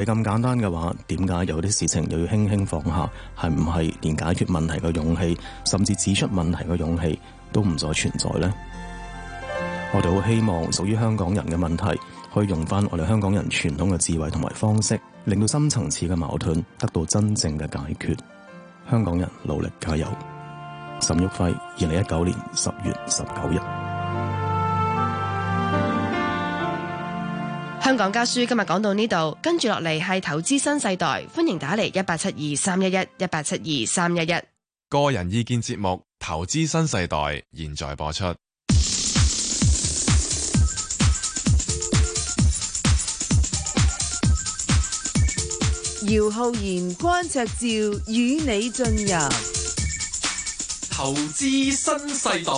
你咁簡單嘅話，點解有啲事情又要輕輕放下？係唔係連解決問題嘅勇氣，甚至指出問題嘅勇氣都唔再存在呢？我哋好希望屬於香港人嘅問題，可以用翻我哋香港人傳統嘅智慧同埋方式，令到深層次嘅矛盾得到真正嘅解決。香港人努力加油！沈旭輝，二零一九年十月十九日。香港家書今日講到呢度，跟住落嚟係投資新世代，歡迎打嚟一八七二三一一一八七二三一一。個人意見節目《投資新世代》現在播出。姚浩然，關焯照，與你進入《投資新世代》。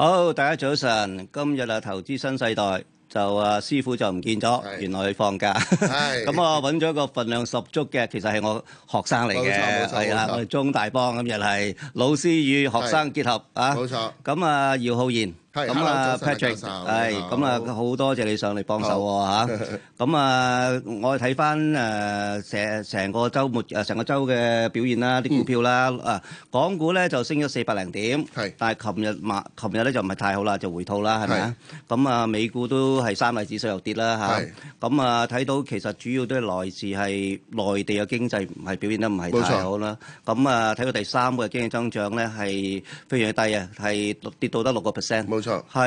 好，大家早晨。今日啊，投資新世代就啊，師傅就唔見咗，是原來佢放假。咁是、 嗯、我揾咗一個份量十足嘅，其實係我學生嚟嘅。係啦，冇錯啊、冇錯我哋中大幫咁又係老師與學生結合是啊。冇錯。咁啊、嗯，姚浩然。係咁啊，Patrick，係咁啊，好多謝你上嚟幫手吓。咁啊，我哋睇翻誒成成個周末誒成個周嘅表現啦，啲股票啦，誒，港股咧就升咗四百零點，係。但係琴日嘛，琴日咧就唔係太好啦，就回吐啦，係咪啊？咁啊，美股都係三大指數又跌啦，吓。咁啊，睇到其實主要都係來自係內地嘅經濟唔係表現得唔係太好啦。咁啊，睇到第三季嘅經濟增長咧係非常之低啊，係跌到得六個 percent。冇錯，係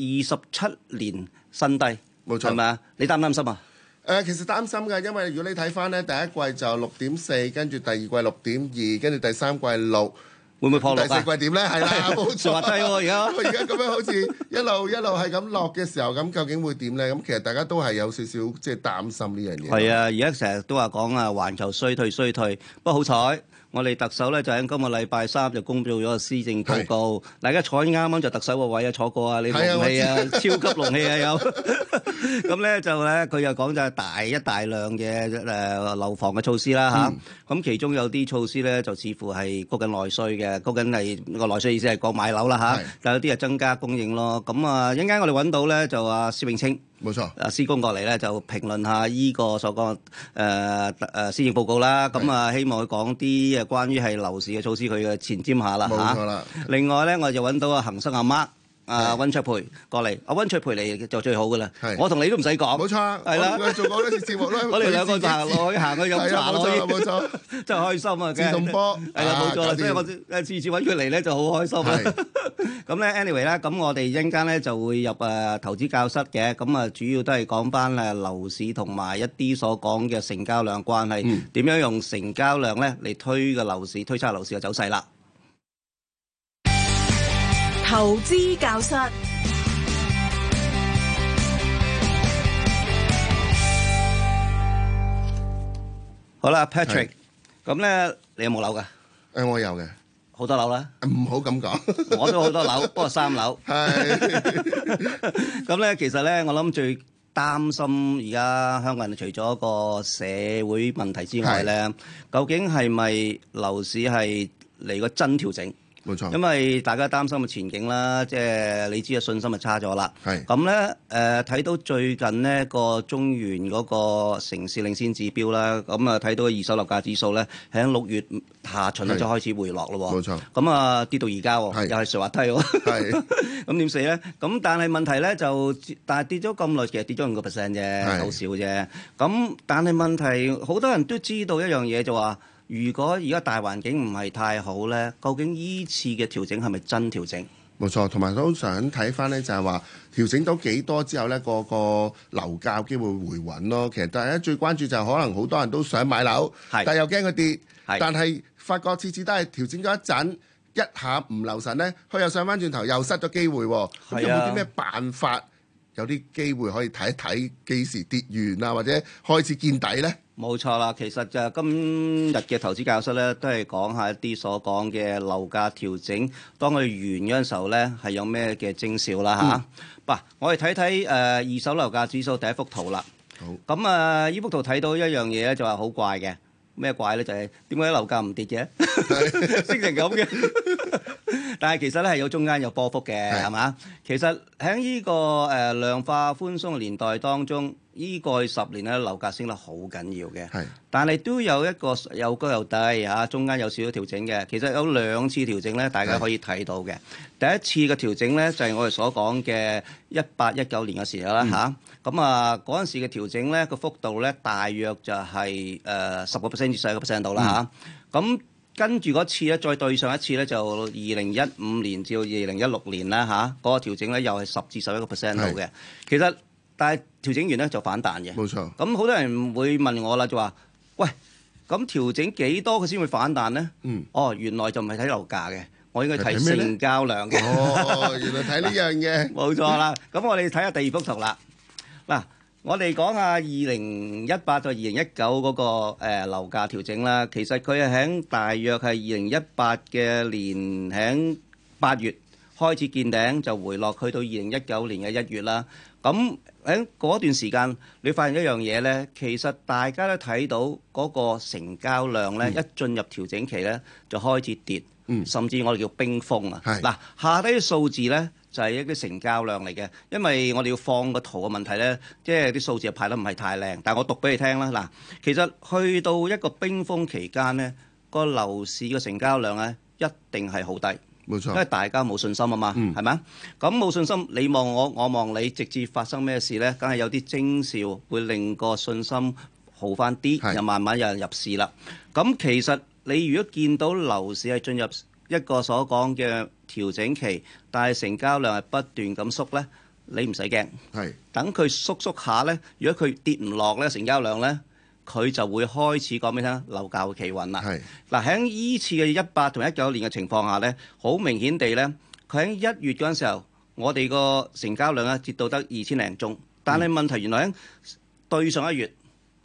二十七年新低，冇錯，係咪啊？你擔唔擔心啊？誒，其實擔心嘅，因為如果你睇翻咧，第一季就六點四，跟住第二季六點二，跟住第三季六，會唔會破？第四季點咧？係啦，冇錯啊！而家，而家咁樣好似一路一路係咁落嘅時候，咁究竟會點咧？咁其實大家都係有少少即係擔心呢樣嘢。係啊，而家成日都話講啊，環球衰退衰退，不過好彩。我哋特首咧就喺今日禮拜三就公佈咗施政報告，大家坐啱啱就特首個位啊，坐過啊，你龍氣啊，超級龍氣啊，有咁咧就咧佢又講就係大一大量嘅誒樓房嘅措施啦嚇。咁其中有啲措施咧就似乎係谷緊內需嘅，谷緊係個內需意思係谷買樓啦嚇，但有啲又增加供應咯。咁啊，一陣間我哋揾到咧就阿施永青。冇錯，誒施工過嚟呢就評論下依個所講誒誒施政報告啦。咁啊的，希望佢講啲誒關於係樓市嘅措施，佢嘅前瞻下啦，啊，冇錯啦，另外呢，我就揾到阿恆叔阿媽。啊，溫卓培過嚟，阿溫卓培嚟就最好噶啦。我同你都唔使講，係啦，做過呢次節目咧，我哋兩個就行去飲茶咯，冇錯，真係開心啊！移動波係啊，冇錯，即係我次次揾佢嚟咧就好開心。咁咧，anyway 啦，咁我哋一陣間咧就會入啊投資教室嘅。咁啊，主要都係講翻啊樓市同埋一啲所講嘅成交量關係，點樣用成交量咧嚟推個樓市，推測樓市嘅走勢啦。投資教室好啦，Patrick，咁咧你有冇樓噶？誒，我有嘅，好多樓啦。唔好咁講，我都有好多樓，不過三樓。係咁咧，其實咧，我諗最擔心而家香港人除咗個社會問題之外咧，究竟係咪樓市係嚟個真調整？冇錯，因為大家擔心嘅前景啦，即係你知啊，信心就差咗啦。係是，咁咧誒，睇、呃、到最近呢個中原嗰個城市領先指標啦，咁啊睇到二手樓價指數咧，喺六月下旬咧就開始回落咯。冇錯是，咁啊跌到而家喎，是又係水滑梯喎、哦。咁點是 死咧？咁但係問題咧就，但係跌咗咁耐，其實跌咗五個 percent 啫，好是少啫。咁但係問題好多人都知道一樣嘢就話。如果而家大環境唔係太好呢，究竟依次嘅調整係咪真調整？冇錯，同埋都想睇翻呢，就係話調整到幾多之後呢，個個樓價有機會回穩咯。其實大家最關注就係可能好多人都想買樓，是但又驚佢跌。是但係發覺次次都係調整咗一陣，一下唔留神呢，佢又上翻轉頭，又失咗機會。咁有冇啲咩辦法有啲機會可以睇一睇幾時跌完啊，或者開始見底呢？冇錯啦，其實就今日嘅投資教室咧，都係講下一啲所講嘅樓價調整當佢完嗰陣時候咧，係有咩嘅徵兆啦吓？嗱、嗯啊，我哋睇睇誒二手樓價指數第一幅圖啦。好。咁啊，依幅圖睇到一樣嘢咧，就話好怪嘅。咩怪咧？就係點解樓價唔跌嘅，是 升成咁嘅？ 但係其實咧係有中間有波幅嘅，係嘛是？其實喺呢、這個誒、呃、量化寬鬆,鬆年代當中。呢個十年咧，樓價升得好緊要嘅，是但係都有一個又高又低嚇，中間有少少調整嘅。其實有兩次調整咧，大家可以睇到嘅。是第一次嘅調整咧，就係我哋所講嘅一八一九年嘅時候啦嚇。咁啊，嗰陣時嘅調整咧，個幅度咧，大約就係誒十個 percent 至十一個 percent 度啦嚇。咁、嗯啊、跟住嗰次咧，再對上一次咧，就二零一五年至二零一六年啦嚇。嗰、啊那個調整咧，又係十至十一個 percent 度嘅。是其實但係調整完呢就反彈嘅，冇錯。咁好多人會問我啦，就話：喂，咁調整幾多佢先會反彈呢？嗯，哦，原來就唔係睇樓價嘅，我應該睇成交量嘅。哦，原來睇呢樣嘢，冇錯啦。咁我哋睇下第二幅圖啦。嗱，我哋講下二零一八到二零一九嗰個誒樓價調整啦。其實佢係喺大約係二零一八嘅年，喺八月開始見頂就回落，去到二零一九年嘅一月啦。咁喺嗰段時間，你發現一樣嘢呢，其實大家都睇到嗰個成交量呢，一進入調整期呢，就開始跌，甚至我哋叫冰封啊。嗱，下低啲數字呢，就係一啲成交量嚟嘅，因為我哋要放個圖嘅問題呢，即係啲數字排得唔係太靚，但係我讀俾你聽啦。嗱，其實去到一個冰封期間呢，個樓市嘅成交量呢，一定係好低。冇錯，因為大家冇信心啊嘛，係咪啊？咁冇信心，你望我，我望你，直至發生咩事呢？梗係有啲徵兆會令個信心好返啲，是又慢慢有人入市啦。咁其實你如果見到樓市係進入一個所講嘅調整期，但係成交量係不斷咁縮呢，你唔使驚，係是等佢縮縮下呢。如果佢跌唔落呢，成交量呢。佢就會開始講畀你聽，樓價會企穩啦。嗱是，喺依、啊、次嘅一八同一九年嘅情況下呢，好明顯地呢，佢喺一月嗰陣時候，我哋個成交量咧跌到得二千零宗，但係問題原來喺對上一月。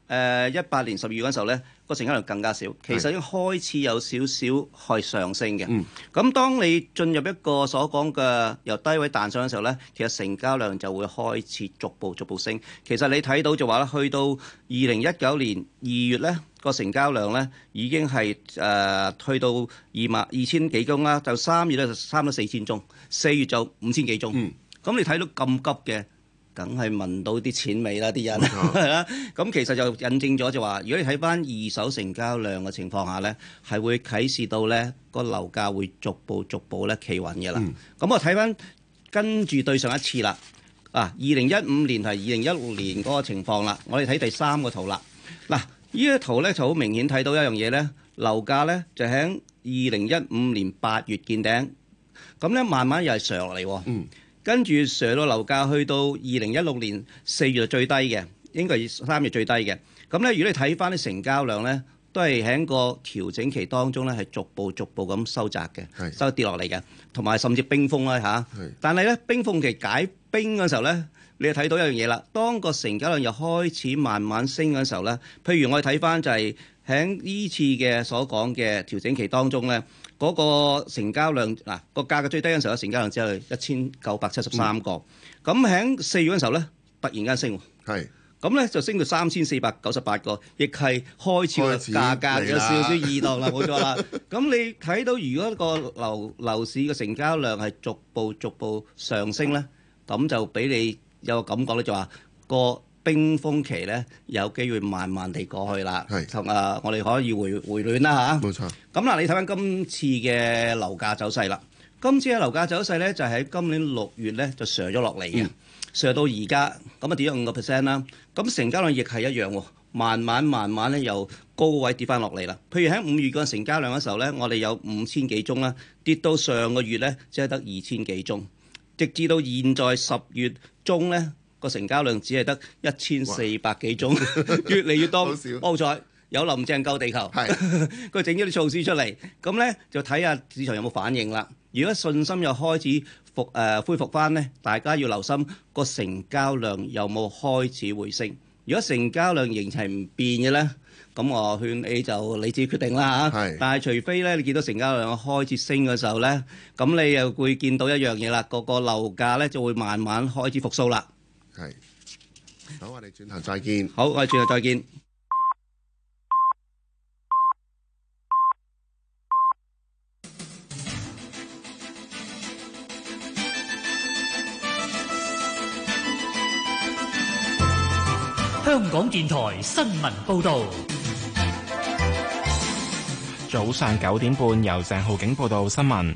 誒一八年十二月嗰時候呢個成交量更加少，其實已經開始有少少係上升嘅。咁的當你進入一個所講嘅由低位彈上嘅時候呢，其實成交量就會開始逐步逐步升。其實你睇到就話啦，去到二零一九年二月呢個成交量呢已經係誒、呃、去到二萬二千幾宗啦，就三月呢就差唔多四千宗，四月就五千幾宗。咁的你睇到咁急嘅？梗係聞到啲錢味啦，啲人。咁其實就印證咗就話，如果你睇翻二手成交量嘅情況下呢係會啟示到呢個樓價會逐步逐步呢企穩嘅啦。咁、嗯、我睇翻跟住對上一次啦，啊，二零一五年同二零一六年嗰個情況啦，我哋睇第三個圖啦。嗱、啊，一圖呢一幅呢就好明顯睇到一樣嘢呢：樓價呢就喺二零一五年八月見頂，咁呢，慢慢又係上落嚟。嗯跟住上到樓價去到二零一六年四月就最低嘅，應該係三月最低嘅。咁咧，如果你睇翻啲成交量咧，都係喺個調整期當中咧，係逐步逐步咁收窄嘅，是收跌落嚟嘅，同埋甚至冰封啦嚇。啊、是但係咧，冰封期解冰嗰陣時候咧，你就睇到一樣嘢啦。當個成交量又開始慢慢升嗰陣時候咧，譬如我哋睇翻就係喺呢次嘅所講嘅調整期當中咧。嗰個成交量嗱，個價格最低嘅時候，個成交量只係一千九百七十三個。咁喺四月嘅時候咧，突然間升，係咁咧就升到三千四百九十八個，亦係開始價格有少少異動啦，冇錯啦。咁你睇到如果個樓樓市嘅成交量係逐步逐步上升咧，咁就俾你有個感覺咧，就話個。冰封期咧，有機會慢慢地過去啦。係同是啊，我哋可以回回暖啦嚇。冇錯錯。咁嗱、啊，你睇翻今次嘅樓價走勢啦。今次嘅樓價走勢咧，就喺、是、今年六月咧就上咗落嚟嘅，上、嗯、到而家咁啊跌咗五個 percent 啦。咁成交量亦係一樣，慢慢慢慢咧由高位跌翻落嚟啦。譬如喺五月嘅成交量嘅時候咧，我哋有五千幾宗啦，跌到上個月咧只係得二千幾宗，直至到現在十月中咧。個成交量只係得一千四百幾宗，越嚟越多。好彩有林鄭救地球，佢整咗啲措施出嚟，咁咧就睇下市場有冇反應啦。如果信心又開始復誒恢復翻咧，大家要留心個成交量有冇開始回升。如果成交量仍然係唔變嘅咧，咁我勸你就你自己決定啦嚇。但係除非咧，你見到成交量開始升嘅時候咧，咁你又會見到一樣嘢啦，個個樓價咧就會慢慢開始復甦啦。係，好，我哋轉頭再見。好，我哋轉頭再見。香港電台新聞報道，早上九點半，由鄭浩景報道新聞。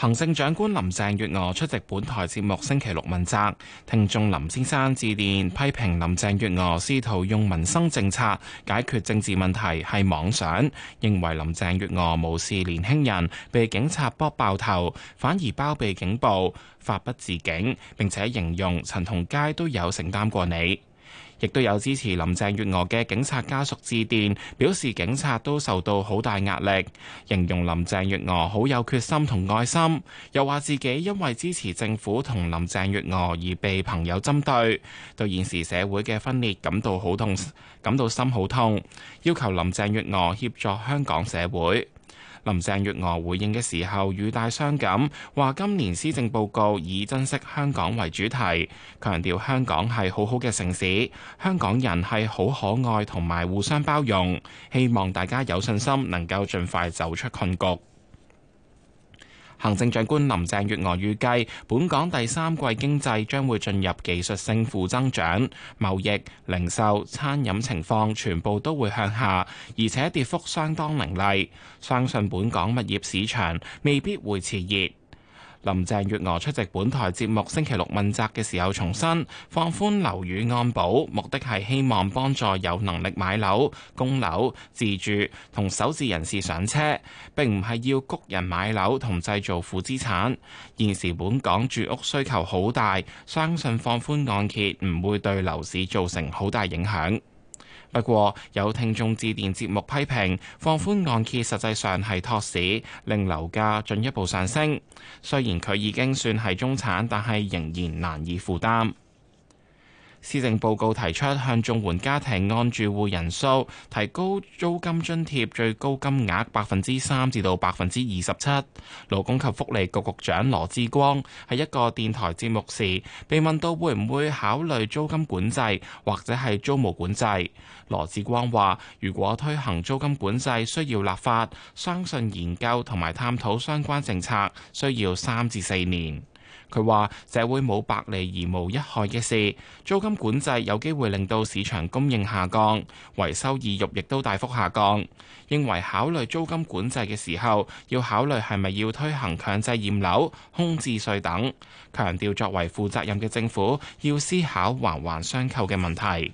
行政長官林鄭月娥出席本台節目星期六問責，聽眾林先生致電批評林鄭月娥試圖用民生政策解決政治問題係妄想，認為林鄭月娥無視年輕人，被警察剝爆頭，反而包庇警暴，法不自警。並且形容陳同佳都有承擔過你。亦都有支持林鄭月娥嘅警察家屬致電表示警察都受到好大壓力，形容林鄭月娥好有決心同愛心，又話自己因為支持政府同林鄭月娥而被朋友針對，對現時社會嘅分裂感到好痛，感到心好痛，要求林鄭月娥協助香港社會。林鄭月娥回應嘅時候語帶傷感，話今年施政報告以珍惜香港為主題，強調香港係好好嘅城市，香港人係好可愛同埋互相包容，希望大家有信心能夠盡快走出困局。行政長官林鄭月娥預計，本港第三季經濟將會進入技術性負增長，貿易、零售、餐飲情況全部都會向下，而且跌幅相當凌厲，相信本港物業市場未必會持熱。林鄭月娥出席本台節目星期六問責嘅時候重申，放寬樓宇按保目的係希望幫助有能力買樓、供樓、自住同首置人士上車，並唔係要谷人買樓同製造負資產。現時本港住屋需求好大，相信放寬按揭唔會對樓市造成好大影響。不過有聽眾致電節目批評，放寬按揭實際上係托市，令樓價進一步上升。雖然佢已經算係中產，但係仍然難以負擔。施政報告提出向綜援家庭按住戶人數提高租金津貼最高金額百分之三至到百分之二十七。勞工及福利局局長羅致光喺一個電台節目時被問到會唔會考慮租金管制或者係租務管制，羅致光話：如果推行租金管制需要立法，相信研究同埋探討相關政策需要三至四年。佢話：社會冇百利而無一害嘅事，租金管制有機會令到市場供應下降，維修意欲亦都大幅下降。認為考慮租金管制嘅時候，要考慮係咪要推行強制驗樓、空置稅等。強調作為負責任嘅政府，要思考環環相扣嘅問題。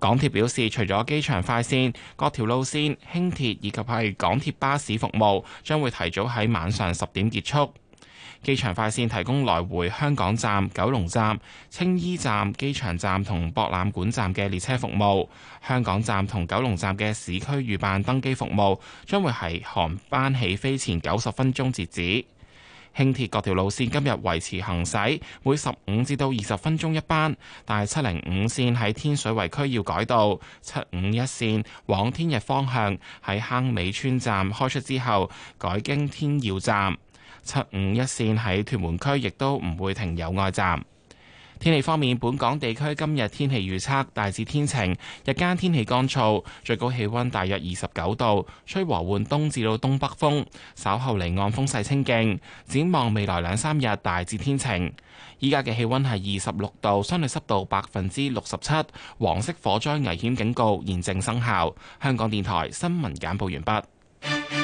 港鐵表示，除咗機場快線，各條路線輕鐵以及係港鐵巴士服務將會提早喺晚上十點結束。機場快線提供來回香港站、九龍站、青衣站、機場站同博覽館站嘅列車服務。香港站同九龍站嘅市區預辦登機服務將會喺航班起飛前九十分鐘截止。輕鐵各條路線今日維持行駛，每十五至到二十分鐘一班。但係七零五線喺天水圍區要改道，七五一線往天逸方向喺坑尾村站開出之後改經天耀站。七五一線喺屯門區亦都唔會停有外站。天氣方面，本港地區今日天氣預測大致天晴，日間天氣乾燥，最高氣温大約二十九度，吹和緩東至到東北風，稍後離岸風勢清勁。展望未來兩三日大致天晴。依家嘅氣温係二十六度，相對濕度百分之六十七，黃色火災危險警告現正生效。香港電台新聞簡報完畢。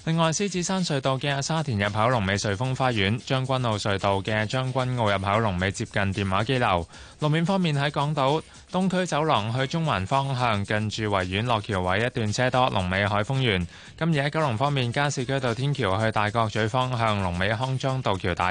另外，獅子山隧道嘅沙田入口、龍尾瑞峰花園、將軍澳隧道嘅將軍澳入口、龍尾接近電話機樓。路面方面喺港島東區走廊去中環方向，近住維園落橋位一段車多；龍尾海峰園。今日喺九龍方面，加士居道天橋去大角咀方向，龍尾康莊道橋底；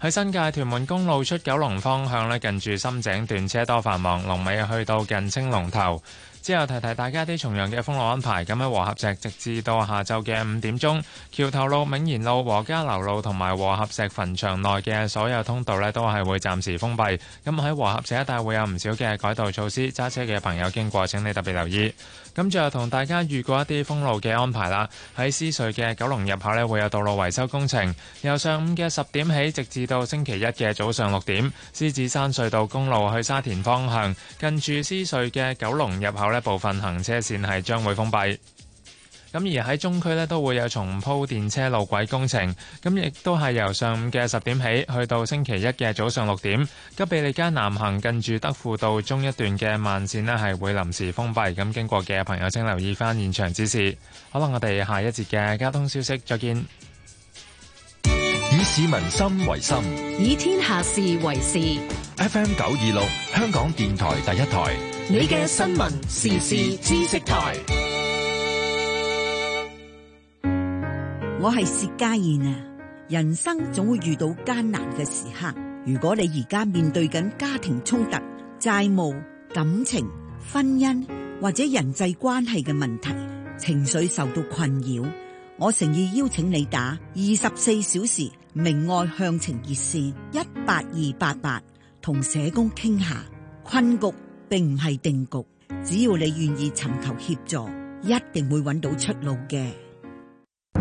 喺新界屯門公路出九龍方向咧，近住深井段車多繁忙，龍尾去到近青龍頭。之後提提大家啲重陽嘅封路安排，咁喺和合石，直至到下晝嘅五點鐘，橋頭路、銘賢路、和家樓路同埋和合石墳場內嘅所有通道咧，都係會暫時封閉。咁喺和合石一帶會有唔少嘅改道措施，揸車嘅朋友經過請你特別留意。咁最後同大家預告一啲封路嘅安排啦。喺獅隧嘅九龍入口咧，會有道路維修工程，由上午嘅十點起，直至到星期一嘅早上六點，獅子山隧道公路去沙田方向近住獅隧嘅九龍入口一部分行車線係將會封閉，咁而喺中區咧都會有重鋪電車路軌工程，咁亦都係由上午嘅十點起去到星期一嘅早上六點，吉庇利街南行近住德輔道中一段嘅慢線咧係會臨時封閉，咁經過嘅朋友請留意翻現場指示。好啦，我哋下一節嘅交通消息再見。以市民心為心，以天下事為事。FM 九二六，香港電台第一台。你嘅新聞時事知識台，我係薛家燕啊！人生總會遇到艱難嘅時刻，如果你而家面對緊家庭衝突、債務、感情、婚姻或者人際關係嘅問題，情緒受到困擾，我誠意邀請你打二十四小時明愛向晴熱線一八二八八，同社工傾下困局。並唔係定局，只要你願意尋求協助，一定會揾到出路嘅。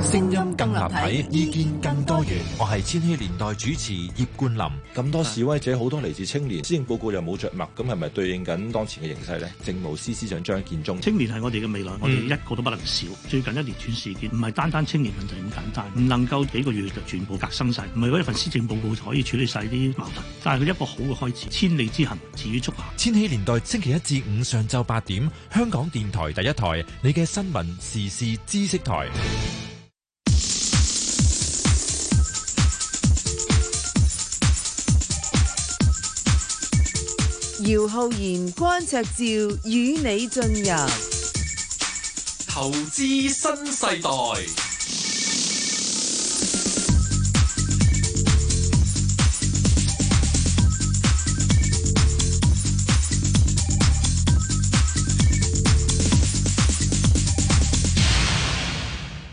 聲音更立體，意見更多元。我係千禧年代主持葉冠霖。咁多示威者，好是多嚟自青年，施政報告又冇着墨，咁係咪對應緊當前嘅形勢呢？政務司司長張建宗，青年係我哋嘅未來，我哋們、嗯、一個都不能少。最近一連串事件，唔係單單青年問題咁簡單，唔能夠幾個月就全部革新晒，唔係嗰一份施政報告就可以處理晒啲矛盾。但係佢一個好嘅開始，千里之行，始於足下。千禧年代星期一至五上晝八點，香港電台第一台，你嘅新聞時事知識台。姚浩然關焯照與你進入投資新世代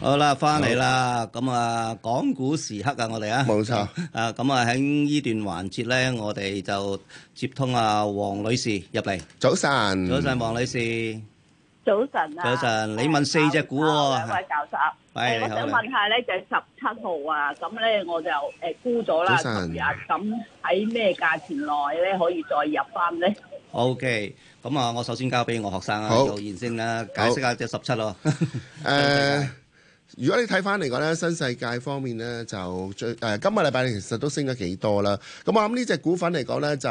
好。好啦，翻嚟啦，咁啊，講古時刻啊，我哋啊，冇錯錯啊，咁啊喺呢段環節咧，我哋就。接通啊，黃女士入嚟。早晨，早晨，黃女士。早晨啊。早晨，你問四隻股喎。兩位教授。係，我想問下咧，就係十七號啊，咁咧我就誒沽咗啦。早晨。咁喺咩價錢內咧可以再入翻咧？OK，咁啊，我首先交俾我學生啊，浩然先啦，解釋下隻十七咯。誒。如果你睇翻嚟講呢新世界方面呢，就最誒、呃，今個禮拜其實都升咗幾多啦。咁我諗呢隻股份嚟講呢就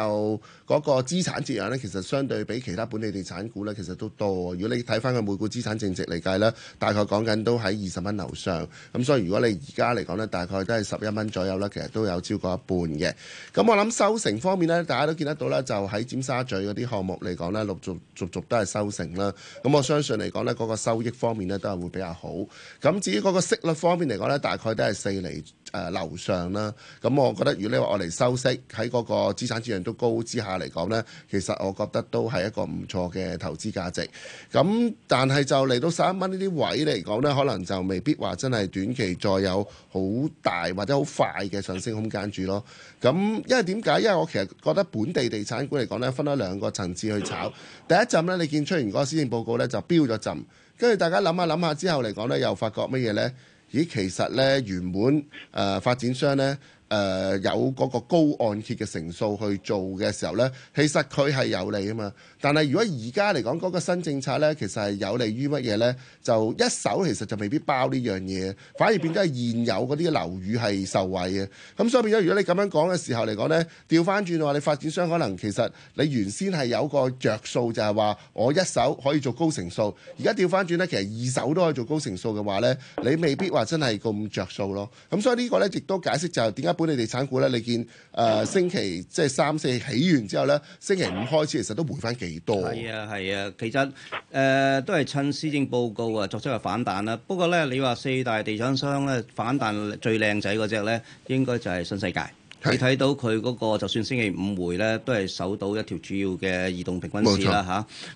嗰、那個資產折讓呢，其實相對比其他本地地產股呢，其實都多。如果你睇翻佢每股資產淨值嚟計呢，大概講緊都喺二十蚊樓上。咁所以如果你而家嚟講呢，大概都係十一蚊左右呢，其實都有超過一半嘅。咁我諗收成方面呢，大家都見得到啦，就喺尖沙咀嗰啲項目嚟講呢，陸續,續續續都係收成啦。咁我相信嚟講呢，嗰、那個收益方面呢，都係會比較好。咁至於嗰個息率方面嚟講咧，大概都係四厘誒樓上啦。咁我覺得，如果你話我嚟收息，喺嗰個資產質量都高之下嚟講咧，其實我覺得都係一個唔錯嘅投資價值。咁但係就嚟到十一蚊呢啲位嚟講咧，可能就未必話真係短期再有好大或者好快嘅上升空間住咯。咁因為點解？因為我其實覺得本地地產股嚟講咧，分咗兩個層次去炒。第一浸咧，你見出完嗰個施政報告咧，就飆咗浸。跟住大家諗下諗下之後嚟講呢，又發覺乜嘢呢？咦，其實呢，原本誒、呃、發展商呢，誒、呃，有嗰個高按揭嘅成數去做嘅時候呢，其實佢係有利啊嘛。但係如果而家嚟講嗰個新政策呢，其實係有利於乜嘢呢？就一手其實就未必包呢樣嘢，反而變咗係現有嗰啲樓宇係受惠嘅。咁所以變咗，如果你咁樣講嘅時候嚟講呢，調翻轉話你發展商可能其實你原先係有個着數就，就係話我一手可以做高成數。而家調翻轉呢，其實二手都可以做高成數嘅話呢，你未必話真係咁着數咯。咁所以呢個呢，亦都解釋就係點解本地地產股呢，你見誒、呃、星期即係三四起完之後呢，星期五開始其實都回翻幾。係多啊，係啊，其實誒、呃、都係趁施政報告啊作出嘅反彈啦。不過咧，你話四大地產商咧反彈最靚仔嗰隻咧，應該就係新世界。是你睇到佢嗰、那個就算星期五回咧，都係守到一條主要嘅移動平均線啦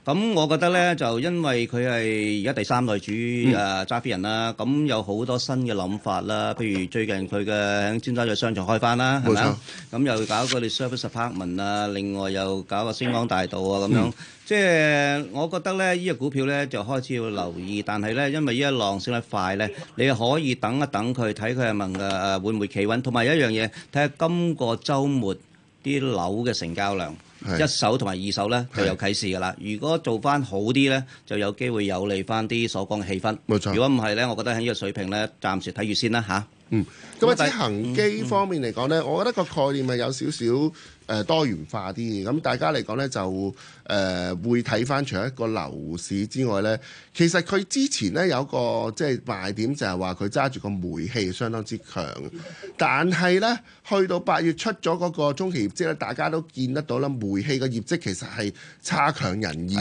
嚇。咁錯、啊、我覺得咧，就因為佢係而家第三代主誒揸飛人啦、啊，咁有好多新嘅諗法啦。譬如最近佢嘅喺尖沙咀商場開翻啦，係咪？咁又搞一個你 service apartment 啊，另外又搞個星光大道啊咁、嗯、樣。嗯。即係我覺得呢依、呢個股票呢，就開始要留意，但係呢，因為呢一浪升得快呢，你可以等一等佢，睇佢係問誒會唔會企穩。同埋一樣嘢，睇下今個週末啲樓嘅成交量，是一手同埋二手呢，就有啟示㗎啦。是如果做翻好啲呢，就有機會有利翻啲所講嘅氣氛。如果唔係呢，我覺得喺呢個水平呢，暫時睇住先啦吓、嗯嗯，嗯。咁喺恆基方面嚟講呢，我覺得個概念係有少少。誒、呃、多元化啲，咁大家嚟講呢，就誒、呃、會睇翻，除咗一個樓市之外呢，其實佢之前呢，有一個即係賣點，就係話佢揸住個煤氣相當之強，但係呢。去到八月出咗嗰個中期業績咧，大家都見得到啦。煤氣嘅業績其實係差強人意。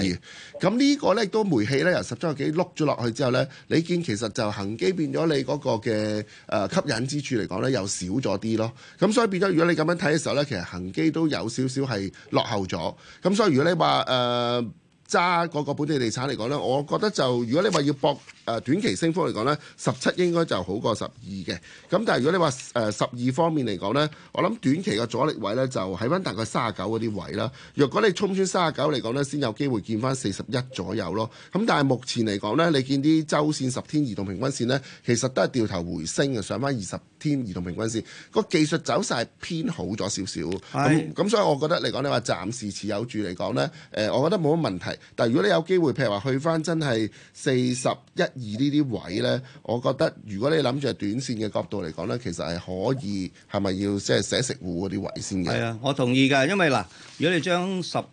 咁呢是個呢，都煤氣呢，由十三個幾碌咗落去之後呢，你見其實就恆基變咗你嗰個嘅誒、呃、吸引之處嚟講呢，又少咗啲咯。咁所以變咗如果你咁樣睇嘅時候呢，其實恆基都有少少係落後咗。咁所以如果你話誒，呃揸個個本地地產嚟講呢，我覺得就如果你話要搏誒、呃、短期升幅嚟講呢，十七應該就好過十二嘅。咁但係如果你話誒十二方面嚟講呢，我諗短期嘅阻力位呢，就喺翻大概三廿九嗰啲位啦。若果你衝穿三十九嚟講呢，先有機會見翻四十一左右咯。咁但係目前嚟講呢，你見啲周線十天移動平均線呢，其實都係掉頭回升嘅，上翻二十天移動平均線。個技術走勢偏好咗少少。係是。咁所以我覺得嚟講，你話暫時持有住嚟講呢，誒、呃，我覺得冇乜問題。但如果你有機會，譬如話去返真係四十一二呢啲位呢，我覺得如果你諗住係短線嘅角度嚟講呢，其實係可以係咪要即係寫食戶嗰啲位先嘅？係啊，我同意㗎，因為嗱，如果你將十二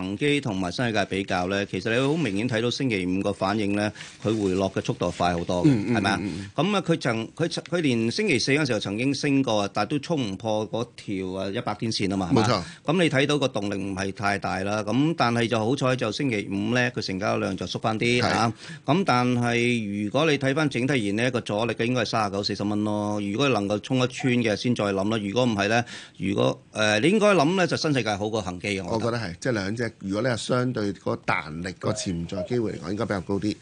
恆基同埋新世界比較呢，其實你好明顯睇到星期五個反應呢，佢回落嘅速度快好多嘅，係咪啊？咁啊，佢曾佢佢連星期四嗰時候曾經升過，但係都衝唔破嗰條啊一百天線啊嘛，冇錯。咁你睇到個動力唔係太大啦，咁但係就好彩。就星期五呢，佢成交量就縮翻啲吓。咁是、啊、但係如果你睇翻整體而言呢，個阻力嘅應該係三十九四十蚊咯。如果能夠衝一穿嘅，先再諗啦。如果唔係呢，如果誒、呃，你應該諗呢，就新世界好過恒基我覺得係，即係、就是、兩隻，如果你係相對嗰彈力個潛在機會嚟講，的應該比較高啲。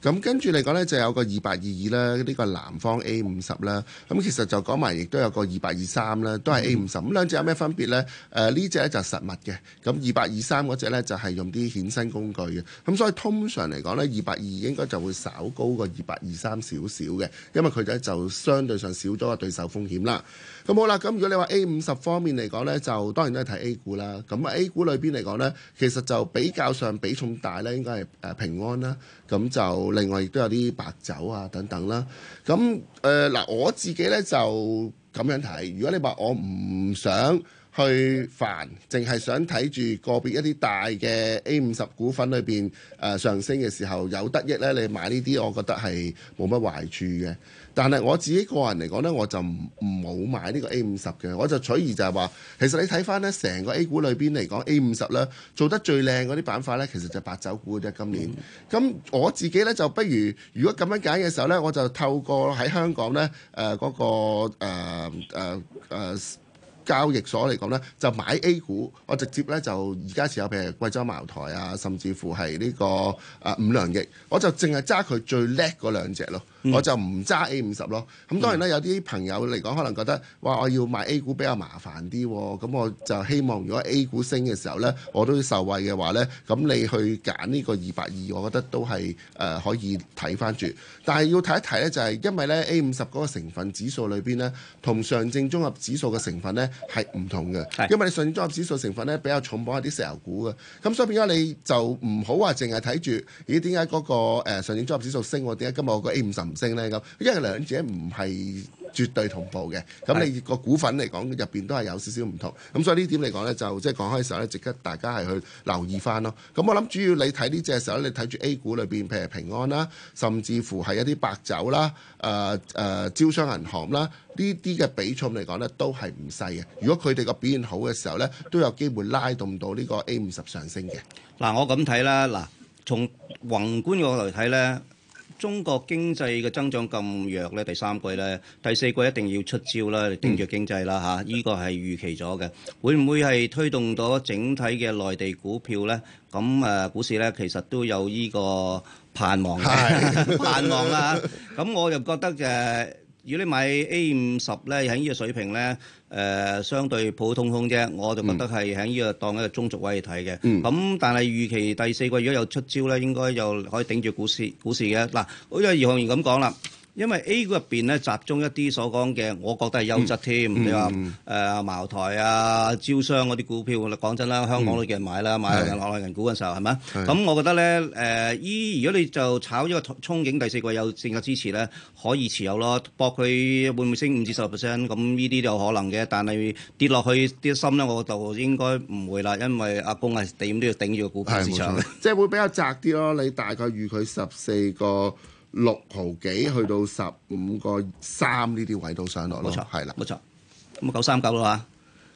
咁跟住嚟講呢，就有個二八二二啦，呢個南方 A 五十啦。咁其實就講埋，亦都有個二八二三啦，都係 A 五十。咁兩隻有咩分別呢？誒、呃，呢隻咧就實物嘅。咁二八二三嗰隻呢就係用啲衍生工具嘅。咁所以通常嚟講呢，二八二二應該就會稍高過二八二三少少嘅，因為佢咧就相對上少咗個對手風險啦。咁好啦，咁如果你話 A 五十方面嚟講咧，就當然都係睇 A 股啦。咁 A 股裏邊嚟講咧，其實就比較上比重大咧，應該係誒平安啦。咁就另外亦都有啲白酒啊等等啦。咁誒嗱，我自己咧就咁樣睇。如果你話我唔想去煩，淨係想睇住個別一啲大嘅 A 五十股份裏邊誒上升嘅時候有得益咧，你買呢啲，我覺得係冇乜壞處嘅。但係我自己個人嚟講呢，我就唔唔冇買呢個 A 五十嘅。我就取而就係話，其實你睇翻呢成個 A 股裏邊嚟講 A 五十呢做得最靚嗰啲板塊呢，其實就係白酒股啫。今年，咁我自己呢就不如，如果咁樣揀嘅時候呢，我就透過喺香港呢誒嗰、呃嗰個誒誒、呃呃呃交易所嚟講呢，就買 A 股，我直接呢，就而家持有，譬如貴州茅台啊，甚至乎係呢、呢個誒、呃、五糧液，我就淨係揸佢最叻嗰兩隻咯，我就唔揸 A 五十咯。咁當然咧，有啲朋友嚟講可能覺得，哇，我要買 A 股比較麻煩啲，咁我就希望如果 A 股升嘅時候呢，我都要受惠嘅話呢，咁你去揀呢個二百二，我覺得都係誒、呃、可以睇翻住。但係要睇一睇呢，就係、是、因為呢 A 五十嗰個成分指數裏邊呢，同上證綜合指數嘅成分呢。係唔同嘅，因為你上證綜合指數成分咧比較重磅一啲石油股嘅，咁所以變咗你就唔好話淨係睇住，咦點解嗰個、呃、上證綜合指數升，點解今日個 A 五十唔升咧？咁因為兩者唔係。絕對同步嘅，咁你個股份嚟講，入邊都係有少少唔同，咁所以呢點嚟講呢，就即係講開嘅時候呢，值得大家係去留意翻咯。咁我諗主要你睇呢隻時候，你睇住 A 股裏邊，譬如平安啦，甚至乎係一啲白酒啦、誒、呃、誒、呃、招商銀行啦，呢啲嘅比重嚟講呢，都係唔細嘅。如果佢哋嘅表現好嘅時候呢，都有機會拉動到呢個 A 五十上升嘅。嗱，我咁睇啦，嗱，從宏觀嘅角度嚟睇呢。中國經濟嘅增長咁弱咧，第三季咧、第四季一定要出招啦，掟住經濟啦嚇，依、啊這個係預期咗嘅。會唔會係推動咗整體嘅內地股票咧？咁誒、啊、股市咧，其實都有呢個盼望，是的 盼望啦。咁我就覺得誒、啊，如果你買 A 五十咧，喺呢個水平咧。誒、呃、相對普通通啫，我就覺得係喺呢個當一個中軸位嚟睇嘅。咁、嗯、但係預期第四季如果有出招咧，應該又可以頂住股市股市嘅。嗱，好似葉學員咁講啦。因為 A 股入邊咧集中一啲所講嘅，我覺得係優質添。你話誒茅台啊、招商嗰啲股票，我講真啦，香港都幾人買啦，嗯、買落內人股嘅時候係咪？咁我覺得咧誒，依、呃、如果你就炒一個憧憬第四季有政策支持咧，可以持有咯，博佢會唔會升五至十 percent，咁呢啲都有可能嘅。但係跌落去跌深咧，我度應該唔會啦，因為阿公係點都要頂住個股票市場， 即係會比較窄啲咯。你大概預佢十四個，六毫幾去到十五個三呢啲位都上落咯，冇錯，係啦，冇錯，咁啊九三九啦，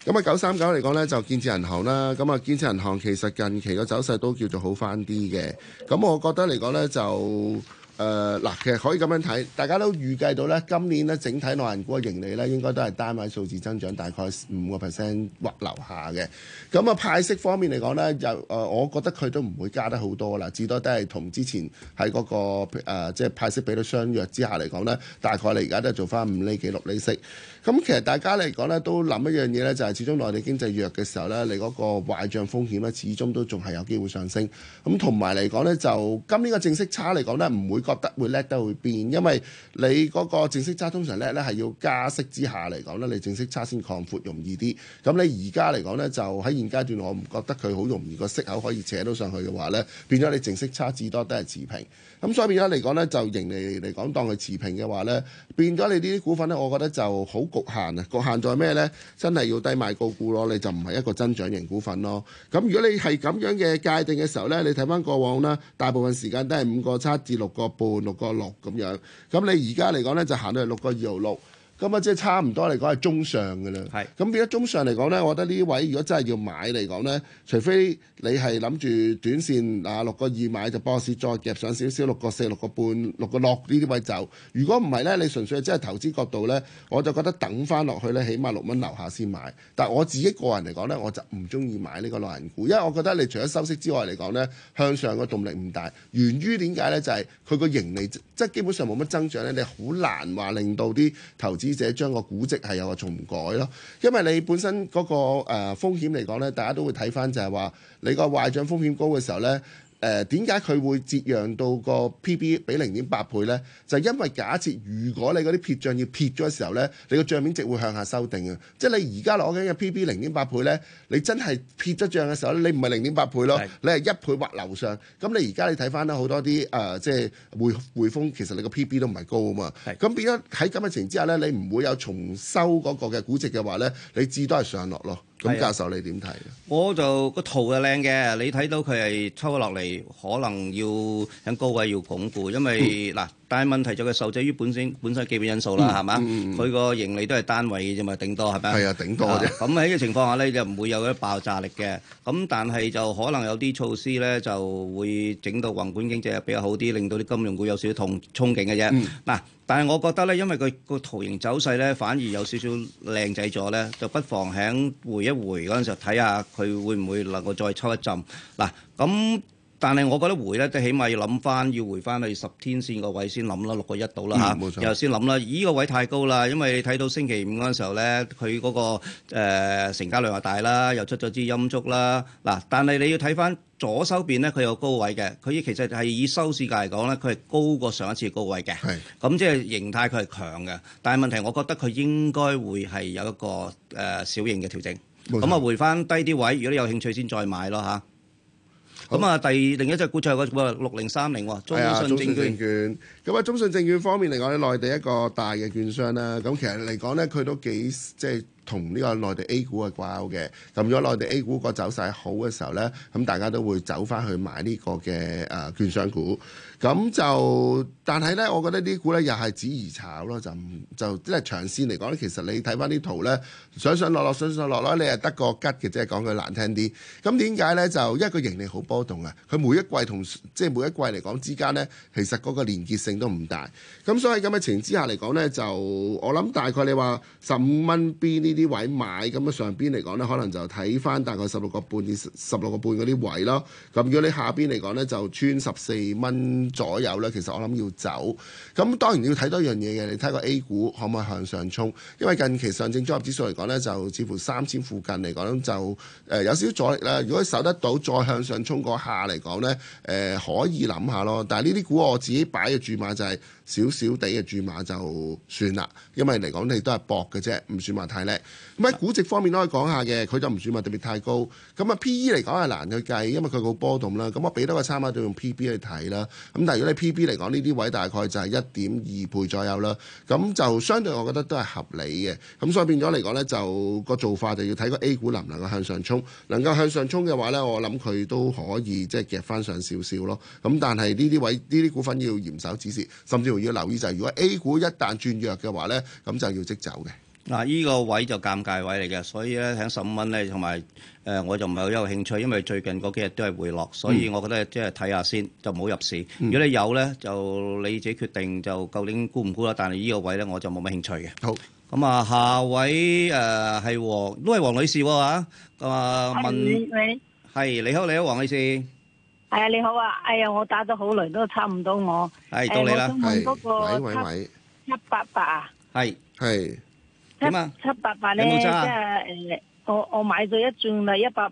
咁啊九三九嚟講呢，就建設銀行啦，咁啊建設銀行其實近期個走勢都叫做好翻啲嘅，咁我覺得嚟講呢，就。誒嗱、呃，其實可以咁樣睇，大家都預計到咧，今年咧整體內銀股嘅盈利咧，應該都係單位數字增長大概五個 percent 或以下嘅。咁、嗯、啊派息方面嚟講咧，又誒、呃，我覺得佢都唔會加得好多啦，至多都係同之前喺嗰、那個即係、呃就是、派息比率相約之下嚟講咧，大概你而家都係做翻五厘幾六厘息。咁其實大家嚟講咧，都諗一樣嘢咧，就係、是、始終內地經濟弱嘅時候咧，你嗰個壞帳風險咧，始終都仲係有機會上升。咁同埋嚟講咧，就今年個淨息差嚟講咧，唔會覺得會叻得會變，因為你嗰個淨息差通常叻咧係要加息之下嚟講咧，你淨息差先擴闊容易啲。咁你而家嚟講咧，就喺現階段我唔覺得佢好容易個息口可以扯到上去嘅話咧，變咗你淨息差至多都係持平。咁所以而家嚟講咧，就盈利嚟講當佢持平嘅話咧，變咗你呢啲股份咧，我覺得就好局限啊！局限在咩咧？真係要低買高沽咯，你就唔係一個增長型股份咯。咁如果你係咁樣嘅界定嘅時候咧，你睇翻過往啦，大部分時間都係五個七至六個半、六個六咁樣。咁你而家嚟講咧，就行到六個二毫六。咁啊，即係差唔多嚟講係中上嘅啦。係是，咁變咗中上嚟講呢，我覺得呢位如果真係要買嚟講呢，除非你係諗住短線啊，六個二買就博市，再夾上少少六個四、六個半、六個六呢啲位走。如果唔係呢，你純粹係即係投資角度呢，我就覺得等翻落去呢，起碼六蚊樓下先買。但係我自己個人嚟講呢，我就唔中意買呢個老人股，因為我覺得你除咗收息之外嚟講呢，向上個動力唔大，源於點解呢？就係佢個盈利即係基本上冇乜增長呢，你好難話令到啲投資。者將個估值係有個重改咯，因為你本身嗰、那個誒、呃、風險嚟講咧，大家都會睇翻，就係話你個壞賬風險高嘅時候咧。誒點解佢會折讓到個 P/B 比零點八倍呢？就係、因為假設如果你嗰啲撇帳要撇咗嘅時候呢，你個帳面值會向下修訂嘅。即、就、係、是、你而家攞緊嘅 P/B 零點八倍呢，你真係撇咗帳嘅時候，你唔係零點八倍咯，是你係一倍或流上。咁你而家你睇翻啦，好多啲誒，即係匯匯豐，其實你個 P/B 都唔係高啊嘛。咁是變咗喺咁嘅情況之下呢，你唔會有重修嗰個嘅估值嘅話呢，你至多係上落咯。咁教授你點睇？我就、個圖就靚嘅，你睇到佢係抽落嚟，可能要喺高位要鞏固，因為、嗯但係問題就係受制於本身本身基本因素啦，係嘛？佢個盈利都係單位嘅啫嘛，頂多係咪啊？係啊，頂多啫。咁喺呢個嘅情況下咧，就唔會有啲爆炸力嘅。咁但係就可能有啲措施咧，就會整到宏觀經濟比較好啲，令到啲金融股有少少同憧憬嘅啫。嗱，但係我覺得咧，因為佢個圖形走勢咧，反而有少少靚仔咗咧，就不妨喺回一回嗰陣時睇下佢會唔會能夠再抽一浸嗱咁。但係，我覺得回咧都起碼要諗翻，要回翻去十天線個位先諗啦，六個一到啦嚇，嗯、然後先諗啦。依、嗯、個位太高啦，因為你睇到星期五嗰陣時候咧，佢嗰、那個、呃、成交量又大啦，又出咗支陰燭啦。嗱，但係你要睇翻左手邊咧，佢有高位嘅，佢其實係以收市價嚟講咧，佢係高過上一次高位嘅。係是。咁、嗯、即係形態佢係強嘅，但係問題，我覺得佢應該會係有一個誒、呃、小型嘅調整。冇錯。咁啊、嗯嗯，回翻低啲位，如果你有興趣先再買咯嚇。啊啊啊啊啊咁啊，好嗯、第二另一隻股就係六零三零，中信證券。咁、嗯、啊，中信證券方面嚟講咧，內地一個大嘅券商啦。咁其實嚟講咧，佢都幾即係同呢個內地 A 股係掛鈎嘅。咁如果內地 A 股個走勢好嘅時候咧，咁大家都會走翻去買呢個嘅誒券商股。咁就，但係呢，我覺得呢股呢又係指而炒咯，就就即係長線嚟講呢，其實你睇翻啲圖呢，上上落落，上上落落，你係得個吉嘅，啫。係講句難聽啲。咁點解呢？就因為盈利好波動啊，佢每一季同即係每一季嚟講之間呢，其實嗰個連結性都唔大。咁所以咁嘅情之下嚟講呢，就我諗大概你話十五蚊邊呢啲位買，咁啊上邊嚟講呢，可能就睇翻大概十六個半至十六個半嗰啲位咯。咁如果你下邊嚟講呢，就穿十四蚊。左右呢，其實我諗要走，咁當然要睇多樣嘢嘅。你睇個 A 股可唔可以向上衝？因為近期上證綜合指數嚟講呢，就似乎三千附近嚟講就誒、呃、有少少阻力啦。如果你守得到再向上衝嗰下嚟講呢，誒、呃、可以諗下咯。但係呢啲股我自己擺嘅注碼就係、是。少少地嘅注碼就算啦，因為嚟講你都係薄嘅啫，唔算話太叻。咁喺估值方面都可以講下嘅，佢就唔算話特別太高。咁啊 P E 嚟講係難去計，因為佢好波動啦。咁我俾多個參考就用 P B 去睇啦。咁但係如果你 P B 嚟講呢啲位大概就係一點二倍左右啦。咁就相對我覺得都係合理嘅。咁所以變咗嚟講呢，就個做法就要睇個 A 股能唔能夠向上衝。能夠向上衝嘅話呢，我諗佢都可以即係夾翻上少少咯。咁但係呢啲位呢啲股份要嚴守指示，甚至乎。要留意就係，如果 A 股一旦轉弱嘅話咧，咁就要即走嘅。嗱，依個位就尷尬位嚟嘅，所以咧喺十五蚊咧，同埋誒，我就唔係好有興趣，因為最近嗰幾日都係回落，嗯，所以我覺得即係睇下先，就唔好入市。嗯，如果你有咧，就你自己決定，就究竟沽唔沽啦。但係呢個位咧，我就冇乜興趣嘅。好，咁啊，下位誒係黃，都係黃女士喎嚇。咁啊，問，係，嗯嗯，你好，你好，黃女士。係啊，你好啊，哎呀，我打咗好耐都差唔到，我係到你喇，我想問嗰個七七八八啊，係係點啊？七八八咧即係誒，我我買咗一轉啦，一百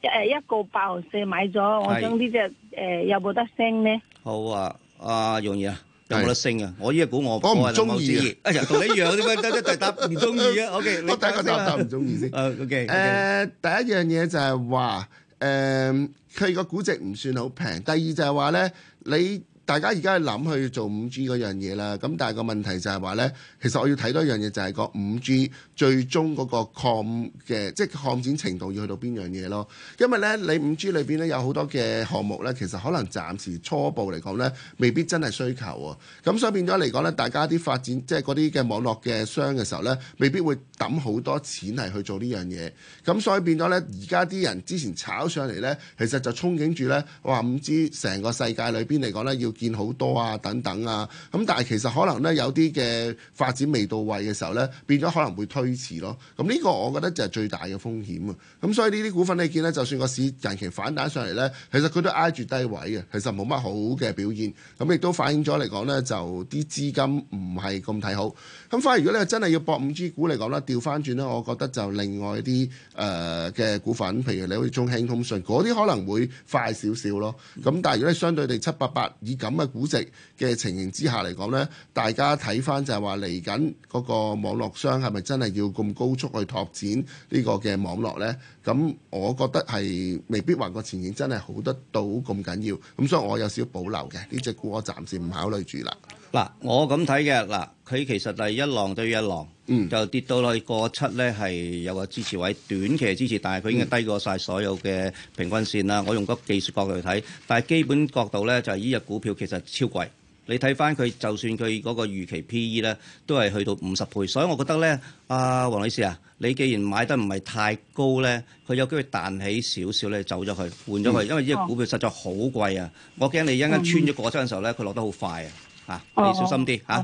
一誒一個八毫四買咗，我將呢隻誒有冇得升咧？好啊，啊容易啊，有冇得升啊？我呢隻估我我唔中意，哎呀同你一樣點咩？得得就打唔中意啊！O K，你第一個先啦，唔中意先。誒，O K，誒，第一樣嘢就係話。誒，佢個、um，估值唔算好平。第二就係話咧，你。大家而家諗去做五 G 嗰樣嘢啦，咁但係個問題就係話咧，其實我要睇多一樣嘢，就係個五 G 最終嗰個擴嘅，即係擴展程度要去到邊樣嘢咯。因為咧，你五 G 裏邊咧有好多嘅項目咧，其實可能暫時初步嚟講咧，未必真係需求啊。咁所以變咗嚟講咧，大家啲發展即係嗰啲嘅網絡嘅商嘅時候咧，未必會抌好多錢嚟去做呢樣嘢。咁所以變咗咧，而家啲人之前炒上嚟咧，其實就憧憬住咧話五 G 成個世界裏邊嚟講咧要。見好多啊，等等啊，咁但係其實可能呢，有啲嘅發展未到位嘅時候呢，變咗可能會推遲咯。咁呢個我覺得就係最大嘅風險啊。咁所以呢啲股份你見呢，就算個市近期反彈上嚟呢，其實佢都挨住低位嘅，其實冇乜好嘅表現。咁亦都反映咗嚟講呢，就啲資金唔係咁睇好。咁反而，如果你真係要博五 G 股嚟講啦，調翻轉咧，我覺得就另外一啲誒嘅股份，譬如你可以中興通訊，嗰啲可能會快少少咯。咁但係如果你相對地七八八以咁嘅估值嘅情形之下嚟講呢，大家睇翻就係話嚟緊嗰個網絡商係咪真係要咁高速去拓展呢個嘅網絡呢？咁我覺得係未必話個前景真係好得到咁緊要。咁所以我有少少保留嘅呢隻股，我暫時唔考慮住啦。嗱，我咁睇嘅，嗱，佢其實係一浪對一浪，嗯、就跌到去過七咧，係有個支持位，短期支持，但係佢已經低過晒所有嘅平均線啦。嗯、我用個技術角度去睇，但係基本角度咧就係依隻股票其實超貴。你睇翻佢，就算佢嗰個預期 PE 咧，都係去到五十倍。所以我覺得咧，啊，黃女士啊，你既然買得唔係太高咧，佢有機會彈起少少咧，走咗去換咗佢，嗯、因為呢隻股票實在好貴啊。嗯、我驚你一陣間穿咗過七嘅時候咧，佢落得好快啊。啊、你小心啲吓。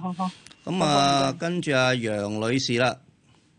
咁啊，啊啊啊跟住阿楊女士啦。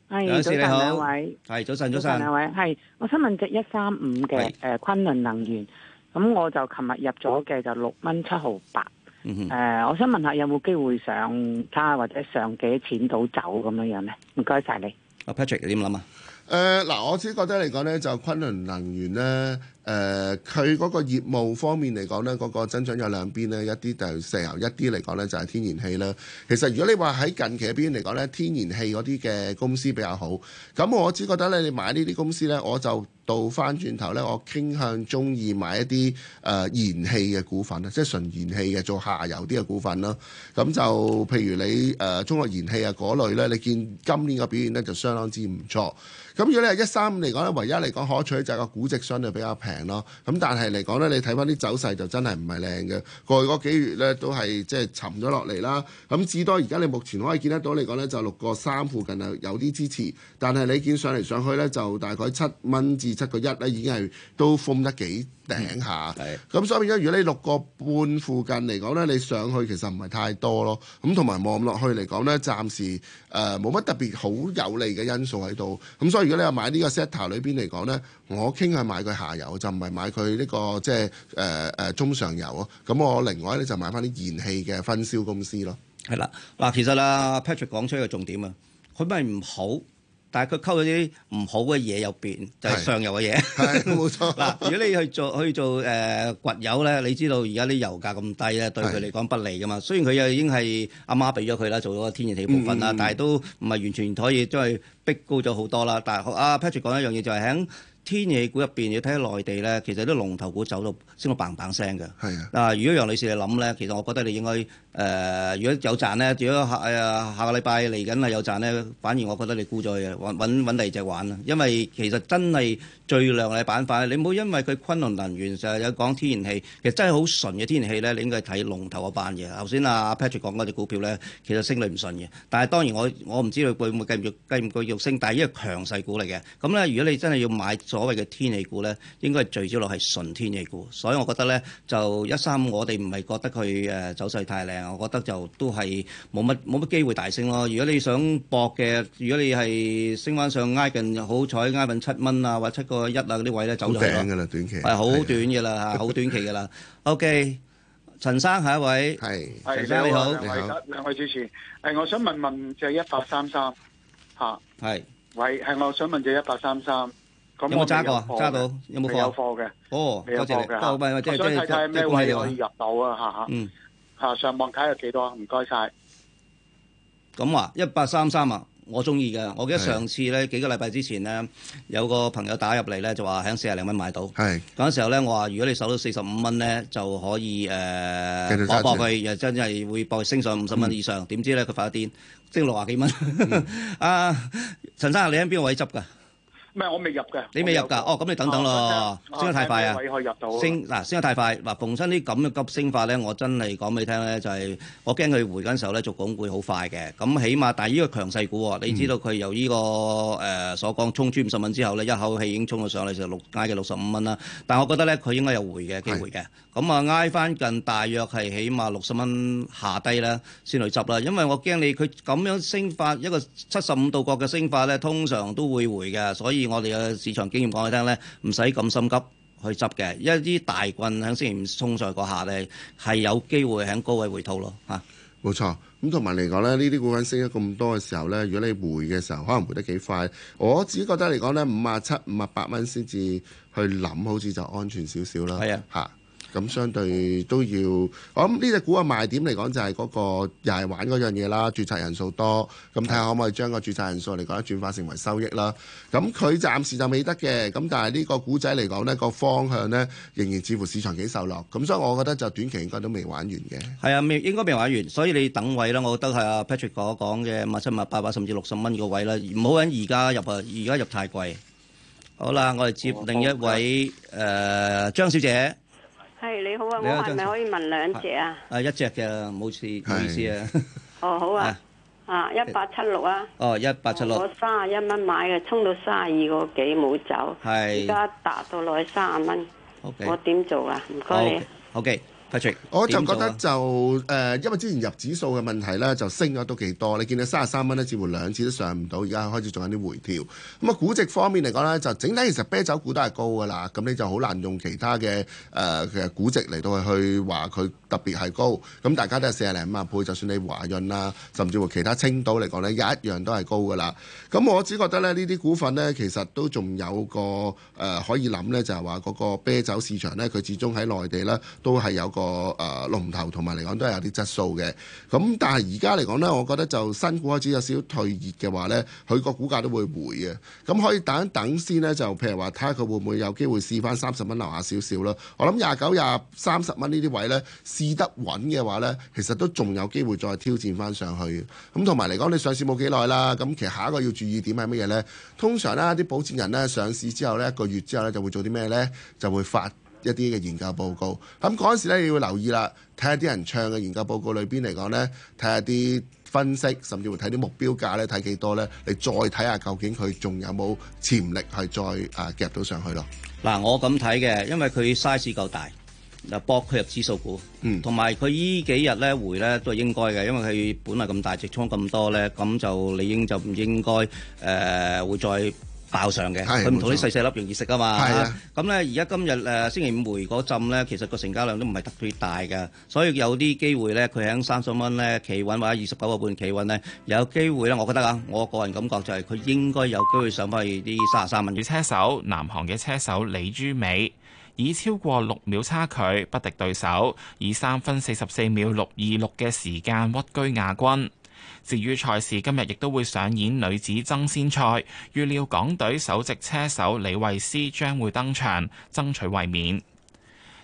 楊女士你好，係早晨，早晨兩位。係、啊啊嗯，我想問隻一三五嘅誒，昆崙能源。咁我就琴日入咗嘅，就六蚊七毫八。誒，我想問下有冇機會上卡或者上幾錢到走咁樣樣咧？唔該晒你。阿 Patrick 點諗、uh, 就是、啊？誒，嗱，我自己覺得嚟講咧，就昆崙能源咧。誒佢嗰個業務方面嚟講呢嗰、嗰個增長有兩邊呢，一啲就石油，一啲嚟講呢就係天然氣啦。其實如果你話喺近期一邊嚟講呢，天然氣嗰啲嘅公司比較好。咁我只覺得呢，你買呢啲公司呢，我就倒翻轉頭呢，我傾向中意買一啲誒、呃、燃氣嘅股、股份啦，即係純燃氣嘅做下游啲嘅股份啦。咁就譬如你誒、呃、中國燃氣啊嗰類呢，你見今年嘅表現呢就相當之唔錯。咁如果你係一三五嚟講呢，唯一嚟講可取就係個估值相對比較平。咯咁，但係嚟講呢，你睇翻啲走勢就真係唔係靚嘅。過去嗰幾月呢，都係即係沉咗落嚟啦。咁、嗯、至多而家你目前可以見到你得到嚟講呢就六個三附近係有啲支持，但係你見上嚟上去呢，就大概七蚊至七個一呢，已經係都封得幾。頂下，咁、嗯、所以如果如果呢六個半附近嚟講咧，你上去其實唔係太多咯。咁同埋望落去嚟講咧，暫時誒冇乜特別好有利嘅因素喺度。咁所以如果你話買個裡呢個 sector 裏邊嚟講咧，我傾係買佢下游，就唔係買佢呢、呢個即係誒誒中上游咯。咁我另外咧就買翻啲燃氣嘅分銷公司咯。係啦，嗱，其實啦，Patrick 講出一個重點啊，佢咪唔好。但係佢溝咗啲唔好嘅嘢入邊，就係、是、上游嘅嘢。冇 錯。嗱， 如果你去做去做誒掘、呃、油咧，你知道而家啲油價咁低啊，對佢嚟講不利噶嘛。是雖然佢又已經係阿媽俾咗佢啦，做咗天然氣部分啦，嗯、但係都唔係完全可以將佢逼高咗好多啦。但係阿、啊、Patrick 講一樣嘢、就是，就係喺天然氣股入邊，你睇下內地咧，其實啲龍頭股走到升到棒棒 n 聲嘅。係的啊。嗱，如果楊女士你諗咧，其實我覺得你應該。誒、呃，如果有賺咧，如果下誒下個禮拜嚟緊係有賺咧，反而我覺得你估咗揾揾揾第二隻玩啦。因為其實真係最靚嘅板塊，你唔好因為佢昆侖能源成日有講天然氣，其實真係好純嘅天然氣咧，你應該睇龍頭嗰班嘢。頭先阿 Patrick 講嗰隻股票咧，其實升你唔順嘅。但係當然我我唔知佢會唔會繼續繼唔繼續升，但係呢個強勢股嚟嘅。咁咧，如果你真係要買所謂嘅天氣股咧，應該係聚焦落係純天氣股。所以我覺得咧，就一三五我哋唔係覺得佢誒走勢太靚。我覺得就都係冇乜冇乜機會大升咯。如果你想搏嘅，如果你係升翻上挨近，好彩挨近七蚊啊，或者七個一啊嗰啲位咧走咗啦。好短嘅啦，短期係好短嘅啦吓，好短期嘅啦。OK，陳生下一位係陳生你好，你好兩位主持，係我想問問就一八三三吓，係喂係我想問就一八三三，有冇揸過啊？揸到有冇貨？有貨嘅哦，多謝你。我想睇睇咩位可以入到啊吓吓。吓！上網睇有幾多？唔該晒。咁話一八三三啊，33，我中意嘅。我記得上次咧幾個禮拜之前咧，的有個朋友打入嚟咧就話喺四廿零蚊買到。係嗰陣時候咧，我話如果你守到四十五蚊咧，就可以誒搏搏佢，又、呃、真係會搏升上五十蚊以上。點、嗯、知咧佢發咗癲，即係六廿幾蚊。阿陳生啊，生你喺邊個位執㗎？咩？我未入嘅，你未入㗎？哦，咁你等等咯，升得太快啊！升嗱升得太快，嗱逢親啲咁嘅急升法咧，我真係講俾你聽咧，就係我驚佢回緊時候咧，就講會好快嘅。咁起碼，但係呢個強勢股，你知道佢由呢個誒所講衝出五十蚊之後咧，一口氣已經衝咗上嚟就六挨嘅六十五蚊啦。但係我覺得咧，佢應該有回嘅機會嘅。咁啊，挨翻近大約係起碼六十蚊下低咧，先去執啦，因為我驚你佢咁樣升法一個七十五度角嘅升法咧，通常都會回嘅，所以。我哋嘅市場經驗講畀你聽咧，唔使咁心急去執嘅，因為啲大棍喺星期五衝賽嗰下咧，係有機會喺高位回吐咯嚇。冇、啊、錯，咁同埋嚟講咧，呢啲股份升咗咁多嘅時候咧，如果你回嘅時候，可能回得幾快。我自己覺得嚟講咧，五啊七、五啊八蚊先至去諗，好似就安全少少啦。係啊，嚇、啊。啊。咁相對都要，我諗呢隻股嘅賣點嚟講，就係嗰個又係玩嗰樣嘢啦，註冊人數多，咁睇下可唔可以將個註冊人數嚟講轉化成為收益啦。咁佢暫時就未得嘅，咁但係呢個股仔嚟講呢，個方向呢仍然似乎市場幾受落，咁所以我覺得就短期應該都未玩完嘅。係啊，未應該未玩完，所以你等位啦。我覺得係阿 Patrick 所講嘅七七八八甚至六十蚊個位啦，唔好揾而家入啊，而家入太貴。好啦，我哋接另一位誒張小姐。係、hey, 你好啊，好，我係咪可以問兩隻啊？啊一隻嘅冇事冇是意思啊。哦、oh, 好啊，啊一八七六啊。啊哦一八七六。我三十一蚊買嘅，沖到三十二個幾冇走。係是。而家達到落去三十蚊。Okay. 我點做啊？唔該你、啊。好嘅。我就覺得就誒，因、呃、為之前入指數嘅問題咧，就升咗都幾多？你見到三十三蚊咧，似乎兩次都上唔到，而家開始仲有啲回調。咁、嗯、啊，估值方面嚟講咧，就整體其實啤酒股都係高噶啦，咁你就好難用其他嘅誒嘅估值嚟到去話佢特別係高。咁、嗯、大家都係四廿零五啊倍，就算你華潤啦，甚至乎其他青島嚟講咧，一樣都係高噶啦。咁、嗯、我只覺得咧，呢啲股份咧，其實都仲有個誒、呃、可以諗咧，就係話嗰個啤酒市場咧，佢始終喺內地咧都係有。那個誒、呃、龍頭同埋嚟講都係有啲質素嘅，咁但係而家嚟講呢，我覺得就新股開始有少少退熱嘅話呢，佢個股價都會回嘅。咁可以等一等先呢，就譬如話睇下佢會唔會有機會試翻三十蚊留下少少咯。我諗廿九、廿三十蚊呢啲位呢，試得穩嘅話呢，其實都仲有機會再挑戰翻上去。咁同埋嚟講，你上市冇幾耐啦，咁其實下一個要注意點係乜嘢呢？通常呢啲保證人呢，上市之後呢，一個月之後呢，就會做啲咩呢？就會發。一啲嘅研究報告，咁嗰陣時你要留意啦，睇下啲人唱嘅研究報告裏邊嚟講咧，睇下啲分析，甚至乎睇啲目標價咧，睇幾多咧，你再睇下究竟佢仲有冇潛力係再誒、啊、夾到上去咯。嗱，我咁睇嘅，因為佢 size 夠大，啊，博佢入指數股，嗯，同埋佢依幾日咧回咧都係應該嘅，因為佢本嚟咁大，直倉咁多咧，咁就理應就唔應該誒、呃、會再。爆上嘅，佢唔是同啲細細粒容易食啊嘛。咁咧的，而家、啊、今日誒、呃、星期五回嗰陣咧，其實個成交量都唔係特別大嘅，所以有啲機會咧，佢喺三十蚊咧企穩或者二十九個半企穩咧，有機會咧，我覺得啊，我個人感覺就係佢應該有機會上翻去啲三十三蚊。與車手南韓嘅車手李朱美，以超過六秒差距不敵對手，以三分四十四秒六二六嘅時間屈居亞軍。至於賽事今日亦都會上演女子爭先賽，預料港隊首席車手李慧詩將會登場，爭取衛冕。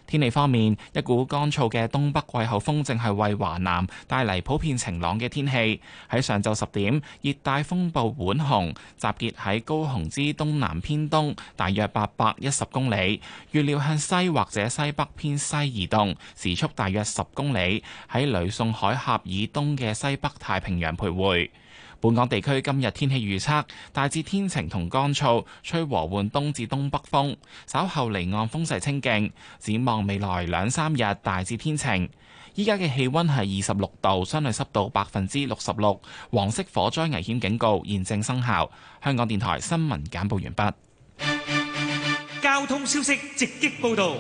天氣方面，一股乾燥嘅東北季候風正係為華南帶嚟普遍晴朗嘅天氣。喺上晝十點，熱帶風暴碗紅集結喺高雄之東南偏東，大約八百一十公里，預料向西或者西北偏西移動，時速大約十公里，喺呂宋海峽以東嘅西北太平洋徘徘徊。本港地區今日天氣預測大致天晴同乾燥，吹和緩東至東北風。稍後離岸風勢清勁，展望未來兩三日大致天晴。依家嘅氣温係二十六度，相對濕度百分之六十六。黃色火災危險警告現正生效。香港電台新聞簡報完畢。交通消息直擊報導。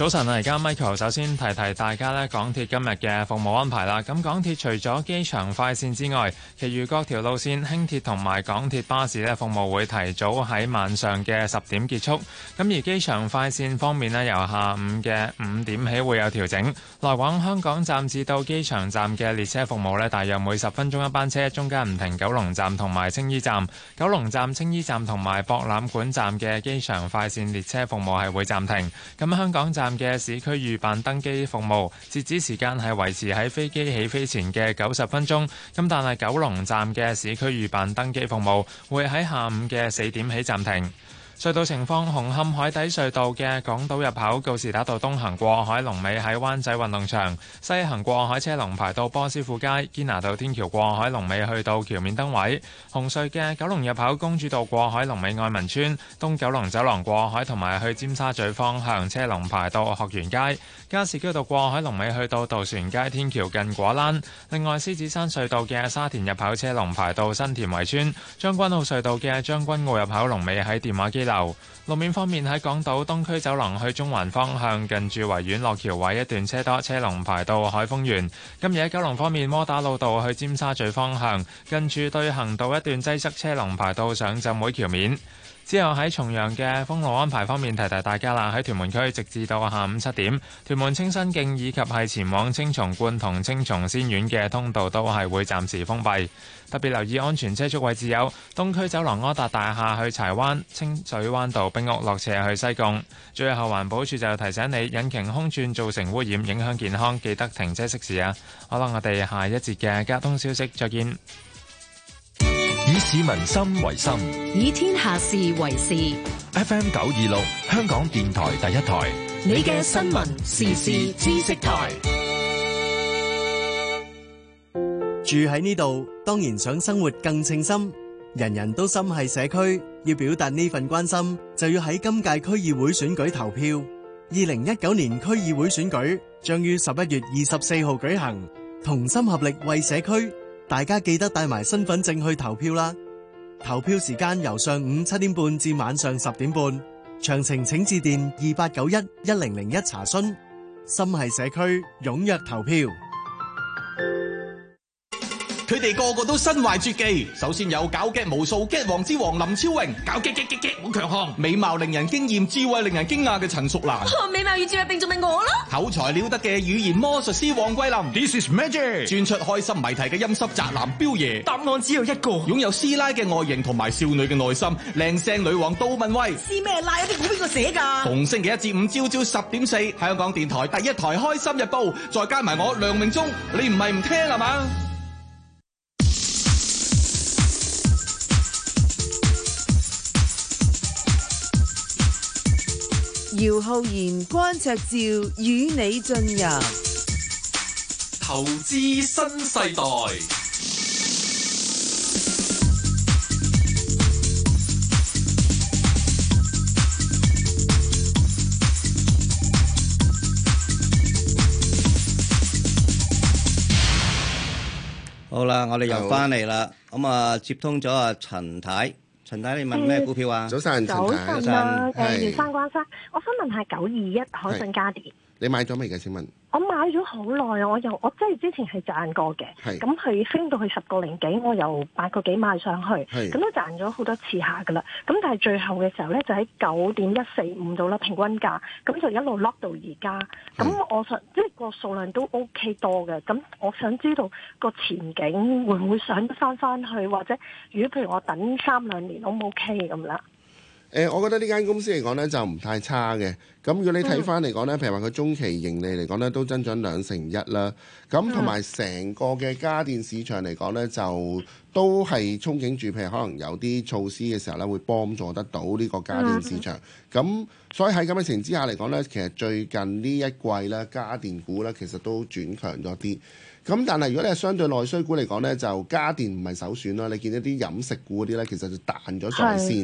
早晨啊，而家 Michael 首先提提大家咧，港鐵今日嘅服務安排啦。咁港鐵除咗機場快線之外，其餘各條路線輕鐵同埋港鐵巴士咧服務會提早喺晚上嘅十點結束。咁而機場快線方面咧，由下午嘅五點起會有調整。來往香港站至到機場站嘅列車服務咧，大約每十分鐘一班車，中間唔停。九龍站同埋青衣站、九龍站、青衣站同埋博覽館站嘅機場快線列車服務係會暫停。咁香港站嘅市區預辦登機服務，截止時間係維持喺飛機起飛前嘅九十分鐘。咁但係九龍站嘅市區預辦登機服務會喺下午嘅四點起暫停。隧道情況：紅磡海底隧道嘅港島入口告士打道東行過海龍尾喺灣仔運動場，西行過海車龍排到波斯富街；堅拿道天橋過海龍尾去到橋面燈位。紅隧嘅九龍入口公主道過海龍尾愛民村，東九龍走廊過海同埋去尖沙咀方向車龍排到學園街；加士居道過海龍尾去到渡船街天橋近果欄。另外，獅子山隧道嘅沙田入口車龍排到新田圍村；將軍澳隧道嘅將軍澳入口龍尾喺電話機。路面方面喺港島東區走廊去中環方向，近住維園落橋位一段車多，車龍排到海峰園。今日喺九龍方面，窩打老道去尖沙咀方向，近住對衡道一段擠塞，車龍排到上浸會橋面。之後喺重陽嘅封路安排方面，提提大家啦。喺屯門區，直至到下午七點，屯門清新徑以及係前往青松觀同青松仙苑嘅通道都係會暫時封閉。特別留意安全車速位置有東區走廊柯達大廈去柴灣清水灣道、冰屋落斜去西貢。最後，環保署就提醒你，引擎空轉造成污染，影響健康，記得停車熄匙啊！好啦，我哋下一節嘅交通消息，再見。以市民心為心，以天下事為事。FM 九二六，香港電台第一台。你嘅新聞時事知識台。住喺呢度，當然想生活更稱心。人人都心繫社區，要表達呢份關心，就要喺今屆區議會選舉投票。二零一九年區議會選舉將於十一月二十四號舉行，同心合力為社區。大家記得帶埋身份證去投票啦！投票時間由上午七點半至晚上十點半，詳情請致電二八九一一零零一查詢。心繫社區踴躍投票。佢哋個個都身懷絕技，首先有搞腳無數腳王之王林超榮，搞腳腳腳腳好強悍；美貌令人驚豔、智慧令人驚訝嘅陳淑蘭，美貌與智慧並重咪我咯；口才了得嘅語言魔術師黃桂林，This is magic；專出開心謎題嘅陰濕宅男彪爺，答案只有一個；擁有師奶嘅外形同埋少女嘅內心，靚聲女王杜汶威，師咩奶啊？啲古邊個寫㗎？逢星期一至五朝朝十點四香港電台第一台開心日報，再加埋我梁明忠，你唔係唔聽係嘛？姚浩然、關焯照與你進入投資新世代。好啦，我哋又翻嚟啦，咁啊的接通咗阿陳太。陳生，你問咩股票啊？早晨上，早晨是，誒，姚生關生。我想問係九二一海信家電。你買咗未嘅？請問我買咗好耐啊。我又我即係之前係賺過嘅，咁佢是升到去十個零幾，我又八個幾買上去，咁是都賺咗好多次下噶啦。咁但係最後嘅時候呢，就喺九點一四五度啦，平均價，咁就一路 lock 到而家。咁是我想即係個數量都 OK 多嘅。咁我想知道個前景會唔會想翻翻去，或者如果譬如我等三兩年 O 唔 OK 咁啦。誒、呃，我覺得呢間公司嚟講呢，就唔太差嘅。咁如果你睇翻嚟講呢，譬如話佢中期盈利嚟講呢，都增長兩成一啦。咁同埋成個嘅家電市場嚟講呢，就都係憧憬住，譬如可能有啲措施嘅時候呢，會幫助得到呢個家電市場。咁、嗯、所以喺咁嘅情況之下嚟講呢，其實最近呢一季呢，家電股呢，其實都轉強咗啲。咁但係如果你係相對內需股嚟講呢，就家電唔係首選啦。你見一啲飲食股嗰啲呢，其實就彈咗上先。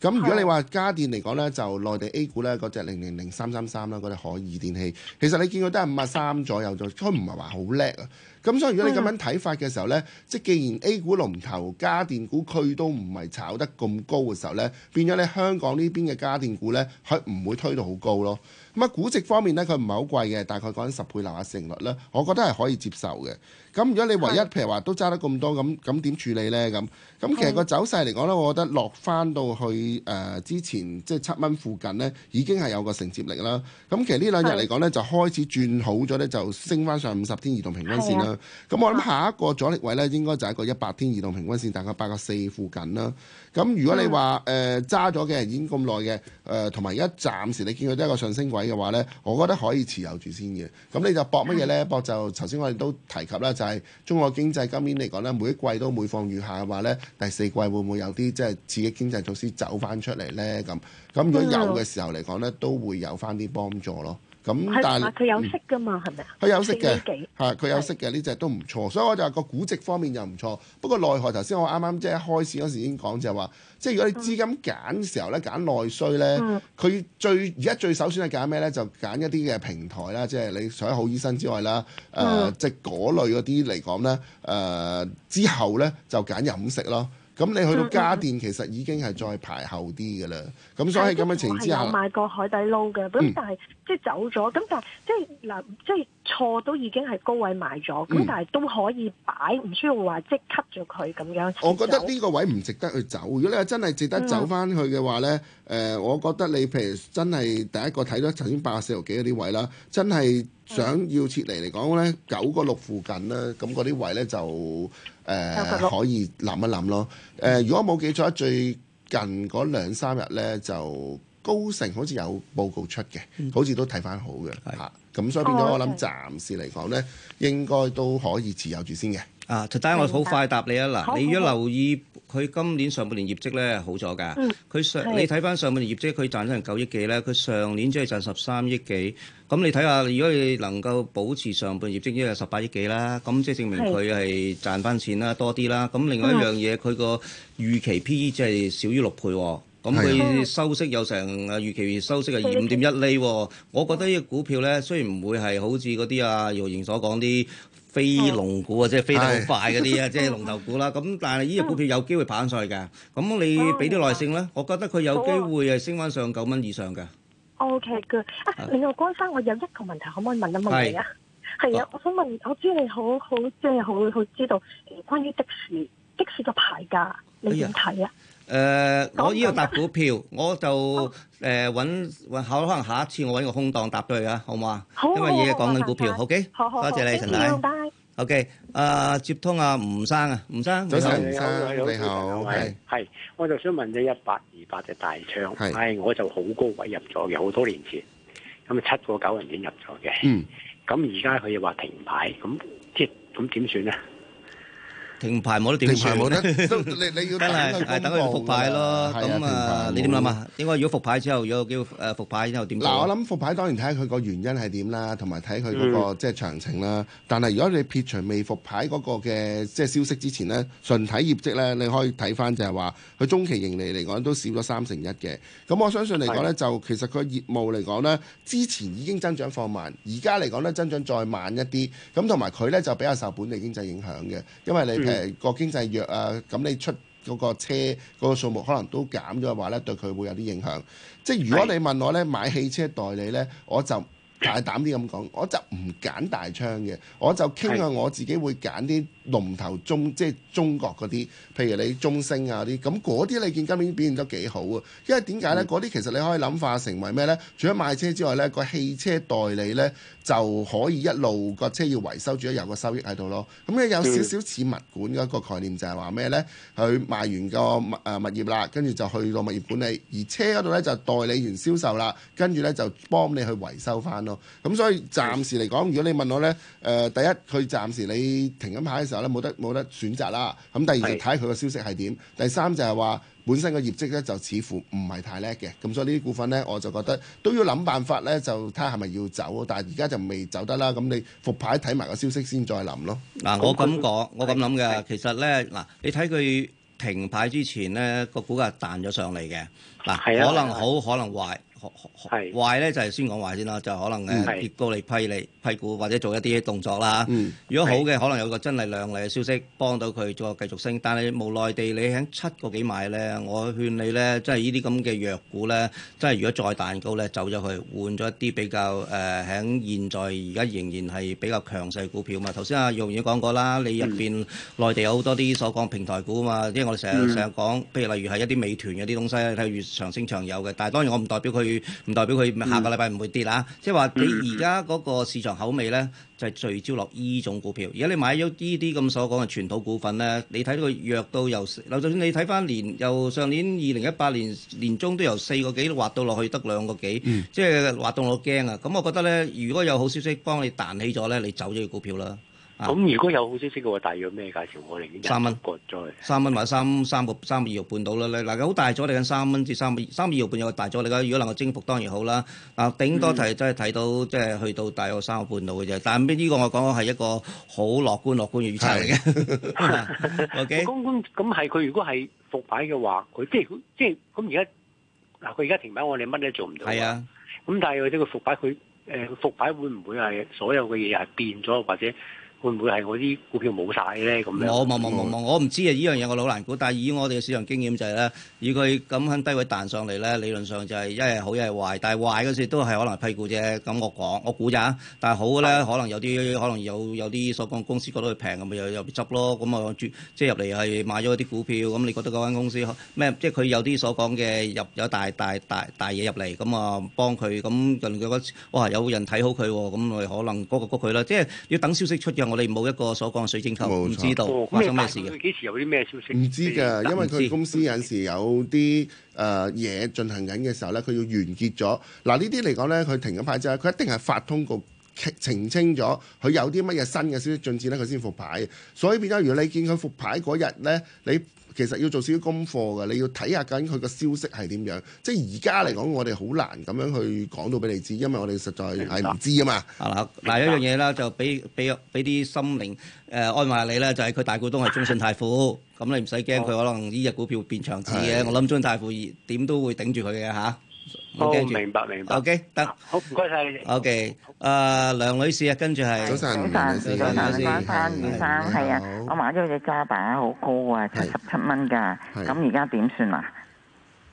咁是如果你話家電嚟講呢，就內地 A 股呢，嗰隻零零零三三三啦，嗰隻海爾電器，其實你見佢都係五啊三左右就，佢唔係話好叻啊。咁所以如果你咁樣睇法嘅時候呢，即既然 A 股龍頭家電股佢都唔係炒得咁高嘅時候呢，變咗呢香港呢邊嘅家電股呢，佢唔會推到好高咯。咁啊，估值方面呢，佢唔係好貴嘅，大概講緊十倍樓下成率呢，我覺得係可以接受嘅。咁如果你唯一的譬如話都揸得咁多，咁咁點處理呢？咁咁其實個走勢嚟講呢，我覺得落翻到去誒、呃、之前即係七蚊附近呢，已經係有個承接力啦。咁其實呢兩日嚟講呢，的就開始轉好咗呢，就升翻上五十天移動平均線啦。咁的我諗下一個阻力位呢，應該就係一個一百天移動平均線，大概八個四附近啦。咁如果你話誒揸咗嘅已經咁耐嘅誒，同埋而家暫時你見佢得一個上升位嘅話呢，我覺得可以持有住先嘅。咁你就搏乜嘢呢？搏就頭先我哋都提及啦。就係中國經濟今年嚟講咧，每一季都每況愈下嘅話咧，第四季會唔會有啲即係刺激經濟措施走翻出嚟咧？咁咁如果有嘅時候嚟講咧，都會有翻啲幫助咯。咁但係佢有息㗎嘛？係咪啊？佢有息嘅，係佢有息嘅呢隻都唔錯。所以我就話個估值方面又唔錯。不過奈何頭先我啱啱即係一開始嗰時已經講就係話。即係如果你資金揀時候咧揀，嗯、內需咧，佢，嗯、最而家最首選係揀咩咧？就揀一啲嘅平台啦，即係你除咗好醫生之外啦，誒、嗯呃，即係嗰類嗰啲嚟講咧，誒、呃、之後咧就揀飲食咯。咁你去到家電，嗯、其實已經係再排後啲嘅啦。咁所以喺咁嘅情況之下，我係有買過海底撈嘅，咁，嗯、但係。即係走咗，咁但係即係嗱，即係錯都已經係高位買咗，咁但係都可以擺，唔需要話即係吸咗佢咁樣。我覺得呢個位唔值得去走。如果你真係值得走翻去嘅話咧，誒，我覺得你譬如真係第一個睇咗曾經八十四六幾嗰啲位啦，真係想要撤離嚟講咧，九個六附近咧，咁嗰啲位咧就誒可以諗一諗咯。誒，如果冇記錯，最近嗰兩三日咧就。高盛好似有報告出嘅。嗯、好似都睇翻好嘅嚇，咁是、啊、所以變咗我諗暫時嚟講呢應該都可以持有住先嘅。啊 Daniel 我好快答你啊嗱，的你如果留意佢今年上半年業績呢，好咗㗎，佢上的你睇翻上半年業績，佢賺咗成九億幾呢，佢上年即係賺十三億幾，咁你睇下，如果你能夠保持上半年業績，就是、即係十八億幾啦，咁即係證明佢係賺翻錢啦多啲啦。咁的另外一樣嘢，佢個預期 P E 即係少於六倍喎。咁佢收息有成啊，預期收息係二五點一厘、哦。我覺得呢個股票咧，雖然唔會係好似嗰啲啊，玉瑩所講啲飛龍股啊，哦、即係飛得好快嗰啲啊，哎、即係龍頭股啦。咁但係呢隻股票有機會跑翻上嘅。咁你俾啲耐性啦。我覺得佢有機會係升翻上九蚊以上嘅、啊。OK 嘅。啊，另外江生，我有一個問題，可唔可以問一問你是啊？係啊，我想問，我知你好好即係好好知道關於的士的士個牌價，你點睇啊？哎呀誒，我依度搭股票，我就誒揾，可能下一次我揾個空檔搭多你啊，好唔好啊？因為依家講緊股票，OK，多謝你陳太，拜拜。OK，啊接通啊吳生啊，吳生，早晨吳生，你好，係，我就想問你一百二百隻大槍，係，我就好高位入咗，嘅，好多年前，咁七個九人點入咗嘅，嗯，咁而家佢又話停牌，咁即係咁點算咧？停牌冇得點算？停牌冇得，你你要等佢，係復 牌咯某。咁那啊，你點諗啊？應該如果復牌之後有叫「誒復牌之後點？嗱、呃，我諗復牌當然睇下佢個原因係點啦，同埋睇佢嗰個、嗯、即係詳情啦。但係如果你撇除未復牌嗰個嘅即係消息之前呢，純睇業績咧，你可以睇翻就係話佢中期盈利嚟講都少咗三成一嘅。咁我相信嚟講呢，嗯、就其實佢業務嚟講呢，之前已經增長放慢，而家嚟講呢，增長再慢一啲。咁同埋佢呢，就比較受本地經濟影響嘅，因為你、嗯。誒個經濟弱啊，咁你出嗰個車嗰個數目可能都減咗嘅話呢，對佢會有啲影響。即係如果你問我呢，的買汽車代理呢，我就大膽啲咁講，我就唔揀大槍嘅，我就傾向我自己會揀啲。龍頭中即係中國嗰啲，譬如你中升啊啲，咁嗰啲你見今年表現得幾好啊！因為點解呢？嗰啲、嗯、其實你可以諗化成為咩呢？除咗賣車之外呢，個汽車代理呢，就可以一路、個車要維修，仲有個收益喺度咯。咁咧有少少似物管嘅一個概念，就係話咩呢？佢賣完個物物業啦，跟住就去到物業管理，而車嗰度呢，就代理完銷售啦，跟住呢，就幫你去維修翻咯。咁所以暫時嚟講，如果你問我呢，誒、呃、第一佢暫時你停緊牌嘅時候。冇得冇得選擇啦，咁第二是就睇佢個消息係點，第三就係、是、話本身個業績咧就似乎唔係太叻嘅，咁所以呢啲股份咧我就覺得都要諗辦法咧，就睇下係咪要走，但係而家就未走得啦，咁你復牌睇埋個消息先再諗咯。嗱、啊，我咁講，我咁諗嘅，其實咧嗱、啊，你睇佢停牌之前咧個股價彈咗上嚟嘅，嗱、啊、的可能好，的可能壞。壞咧就係、是、先講壞先啦，就是、可能誒是跌高嚟批你批股或者做一啲動作啦。嗯、如果好嘅是可能有個真係靚麗嘅消息幫到佢再繼續升，但係無奈地你喺七個幾買咧，我勸你咧，即、就、係、是、呢啲咁嘅弱股咧，即係如果再彈高咧走咗去，換咗一啲比較誒喺、呃、現在而家仍然係比較強勢股票嘛。頭先阿姚已經講過啦，你入邊內地有好多啲所講平台股啊嘛，嗯、因為我哋成日成日講，譬如例如係一啲美團嗰啲東西，睇越長升長有嘅。但係當然我唔代表佢。唔代表佢下個禮拜唔會跌啊！嗯、即係話你而家嗰個市場口味呢，就係、聚焦落依、e、種股票。而家你買咗呢啲咁所講嘅傳統股份呢，你睇到佢弱到由，就算你睇翻年，由上年二零一八年年中都由四個幾滑到落去得兩個幾，嗯、即係滑到我驚啊！咁我覺得呢，如果有好消息幫你彈起咗呢，你走咗個股票啦。咁、啊、如果有好消息嘅話，大約咩價錢我哋？三蚊，三蚊或者三三個三個二毫半到啦。嗱，佢好大咗，你哋緊三蚊至三三二毫半有個大咗，我哋如果能夠征服，當然好啦。嗱、啊，頂多睇真係睇到即係去到大約三個半到嘅啫。但係呢個我講嘅係一個好樂觀樂觀嘅預測嚟嘅。O K，咁咁咁係佢如果係復牌嘅話，佢即係即係咁而家嗱，佢而家停牌，我哋乜都做唔到。係啊，咁但係即係佢復牌，佢佢復牌會唔會係所有嘅嘢係變咗或者？會唔會係我啲股票冇晒咧？咁冇冇冇冇冇，我唔知啊！呢樣嘢我好難估。但係以我哋嘅市場經驗就係咧，以佢咁喺低位彈上嚟咧，理論上就係一係好一係壞。但係壞嗰時都係可能批股啫。咁我講我估咋？但係好咧，可能有啲可能有有啲所講公司覺得佢平咁咪又入執咯。咁啊，即係入嚟係買咗一啲股票。咁你覺得嗰間公司咩？即係佢有啲所講嘅入有大大大大嘢入嚟。咁啊，幫佢咁人哋覺得哇，有人睇好佢咁，咪、啊啊、可能嗰個佢啦。即係、啊、要等消息出嘅。啊啊我哋冇一個所講水晶球唔錯知道發生咩事嘅。佢幾時有啲咩消息？唔知㗎，因為佢公司有時有啲誒嘢進行緊嘅時候咧，佢要完結咗。嗱、呃、呢啲嚟講咧，佢停咗牌之後，佢一定係發通告澄清咗，佢有啲乜嘢新嘅消息進展咧，佢先復牌。所以變咗，如果你見佢復牌嗰日咧，你。其實要做少少功課嘅，你要睇下究竟佢個消息係點樣。即係而家嚟講，我哋好難咁樣去講到俾你知，因為我哋實在係唔知啊嘛。啊嗱，嗱、嗯、一樣嘢啦，就俾俾俾啲心靈誒安慰下你咧，就係佢大股東係中信泰富，咁、嗯、你唔使驚佢可能呢日股票變長揸嘅。嗯、我諗中信泰富點都會頂住佢嘅嚇。啊。好明白，明白。O K，得。好，唔該晒你。O K，誒，梁女士啊，跟住係。早晨，早晨，早晨。先生，係啊。我買咗佢隻渣打，好高啊，七十七蚊噶。咁而家點算啊？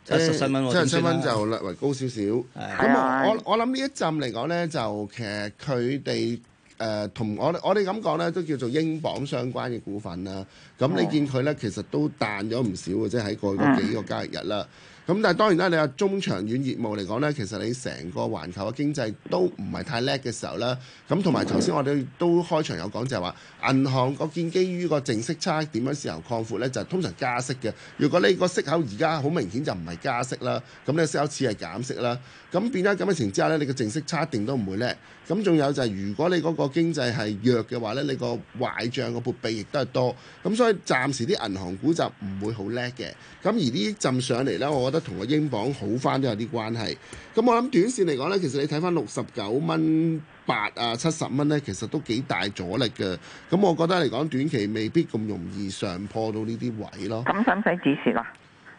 七十七蚊，七十七蚊就略為高少少。係啊。咁我我我諗呢一陣嚟講咧，就其實佢哋誒同我我哋咁講咧，都叫做英鎊相關嘅股份啦。咁你見佢咧，其實都彈咗唔少嘅，即係喺過去幾個交易日啦。咁但係當然啦，你話中長遠業務嚟講咧，其實你成個環球嘅經濟都唔係太叻嘅時候咧，咁同埋頭先我哋都開場有講就係話。銀行個建基於個淨息差點樣試圖擴闊呢？就通常加息嘅。如果你個息口而家好明顯就唔係加息啦，咁你個息口似係減息啦，咁變咗咁嘅情況之下呢，你個淨息差定都唔會叻。咁仲有就係如果你嗰個經濟係弱嘅話呢，你個壞賬個撥備亦都係多，咁所以暫時啲銀行股就唔會好叻嘅。咁而呢一陣上嚟呢，我覺得同個英鎊好翻都有啲關係。咁我諗短線嚟講呢，其實你睇翻六十九蚊。八啊七十蚊咧，其實都幾大阻力嘅。咁我覺得嚟講短期未必咁容易上破到呢啲位咯。咁使唔使指示啦？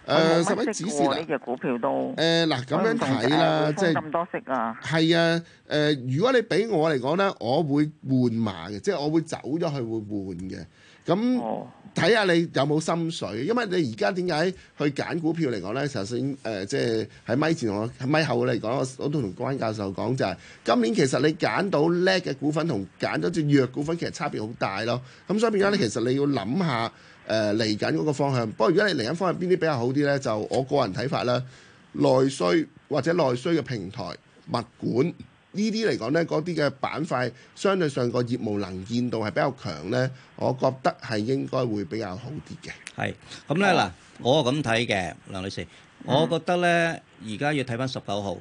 誒、呃，使唔使指示啦？誒嗱、呃，咁、呃、樣睇啦，即係咁多色啊。係啊，誒，如果你俾我嚟講咧，我會換馬嘅，即、就、係、是、我會走咗去會換嘅。咁睇下你有冇心水，因為你而家點解去揀股票嚟講呢？首先誒，即係喺咪前我喺咪後嚟講，我都同關教授講就係、是、今年其實你揀到叻嘅股份同揀咗隻弱股份其實差別好大咯。咁所以變咗，呢，其實你要諗下誒嚟緊嗰個方向。不過如果你嚟緊方向邊啲比較好啲呢？就我個人睇法啦，內需或者內需嘅平台物管。呢啲嚟講咧，嗰啲嘅板塊相對上個業務能見度係比較強咧，我覺得係應該會比較好啲嘅。係，咁咧嗱，我咁睇嘅，梁女士，我覺得咧而家要睇翻十九號，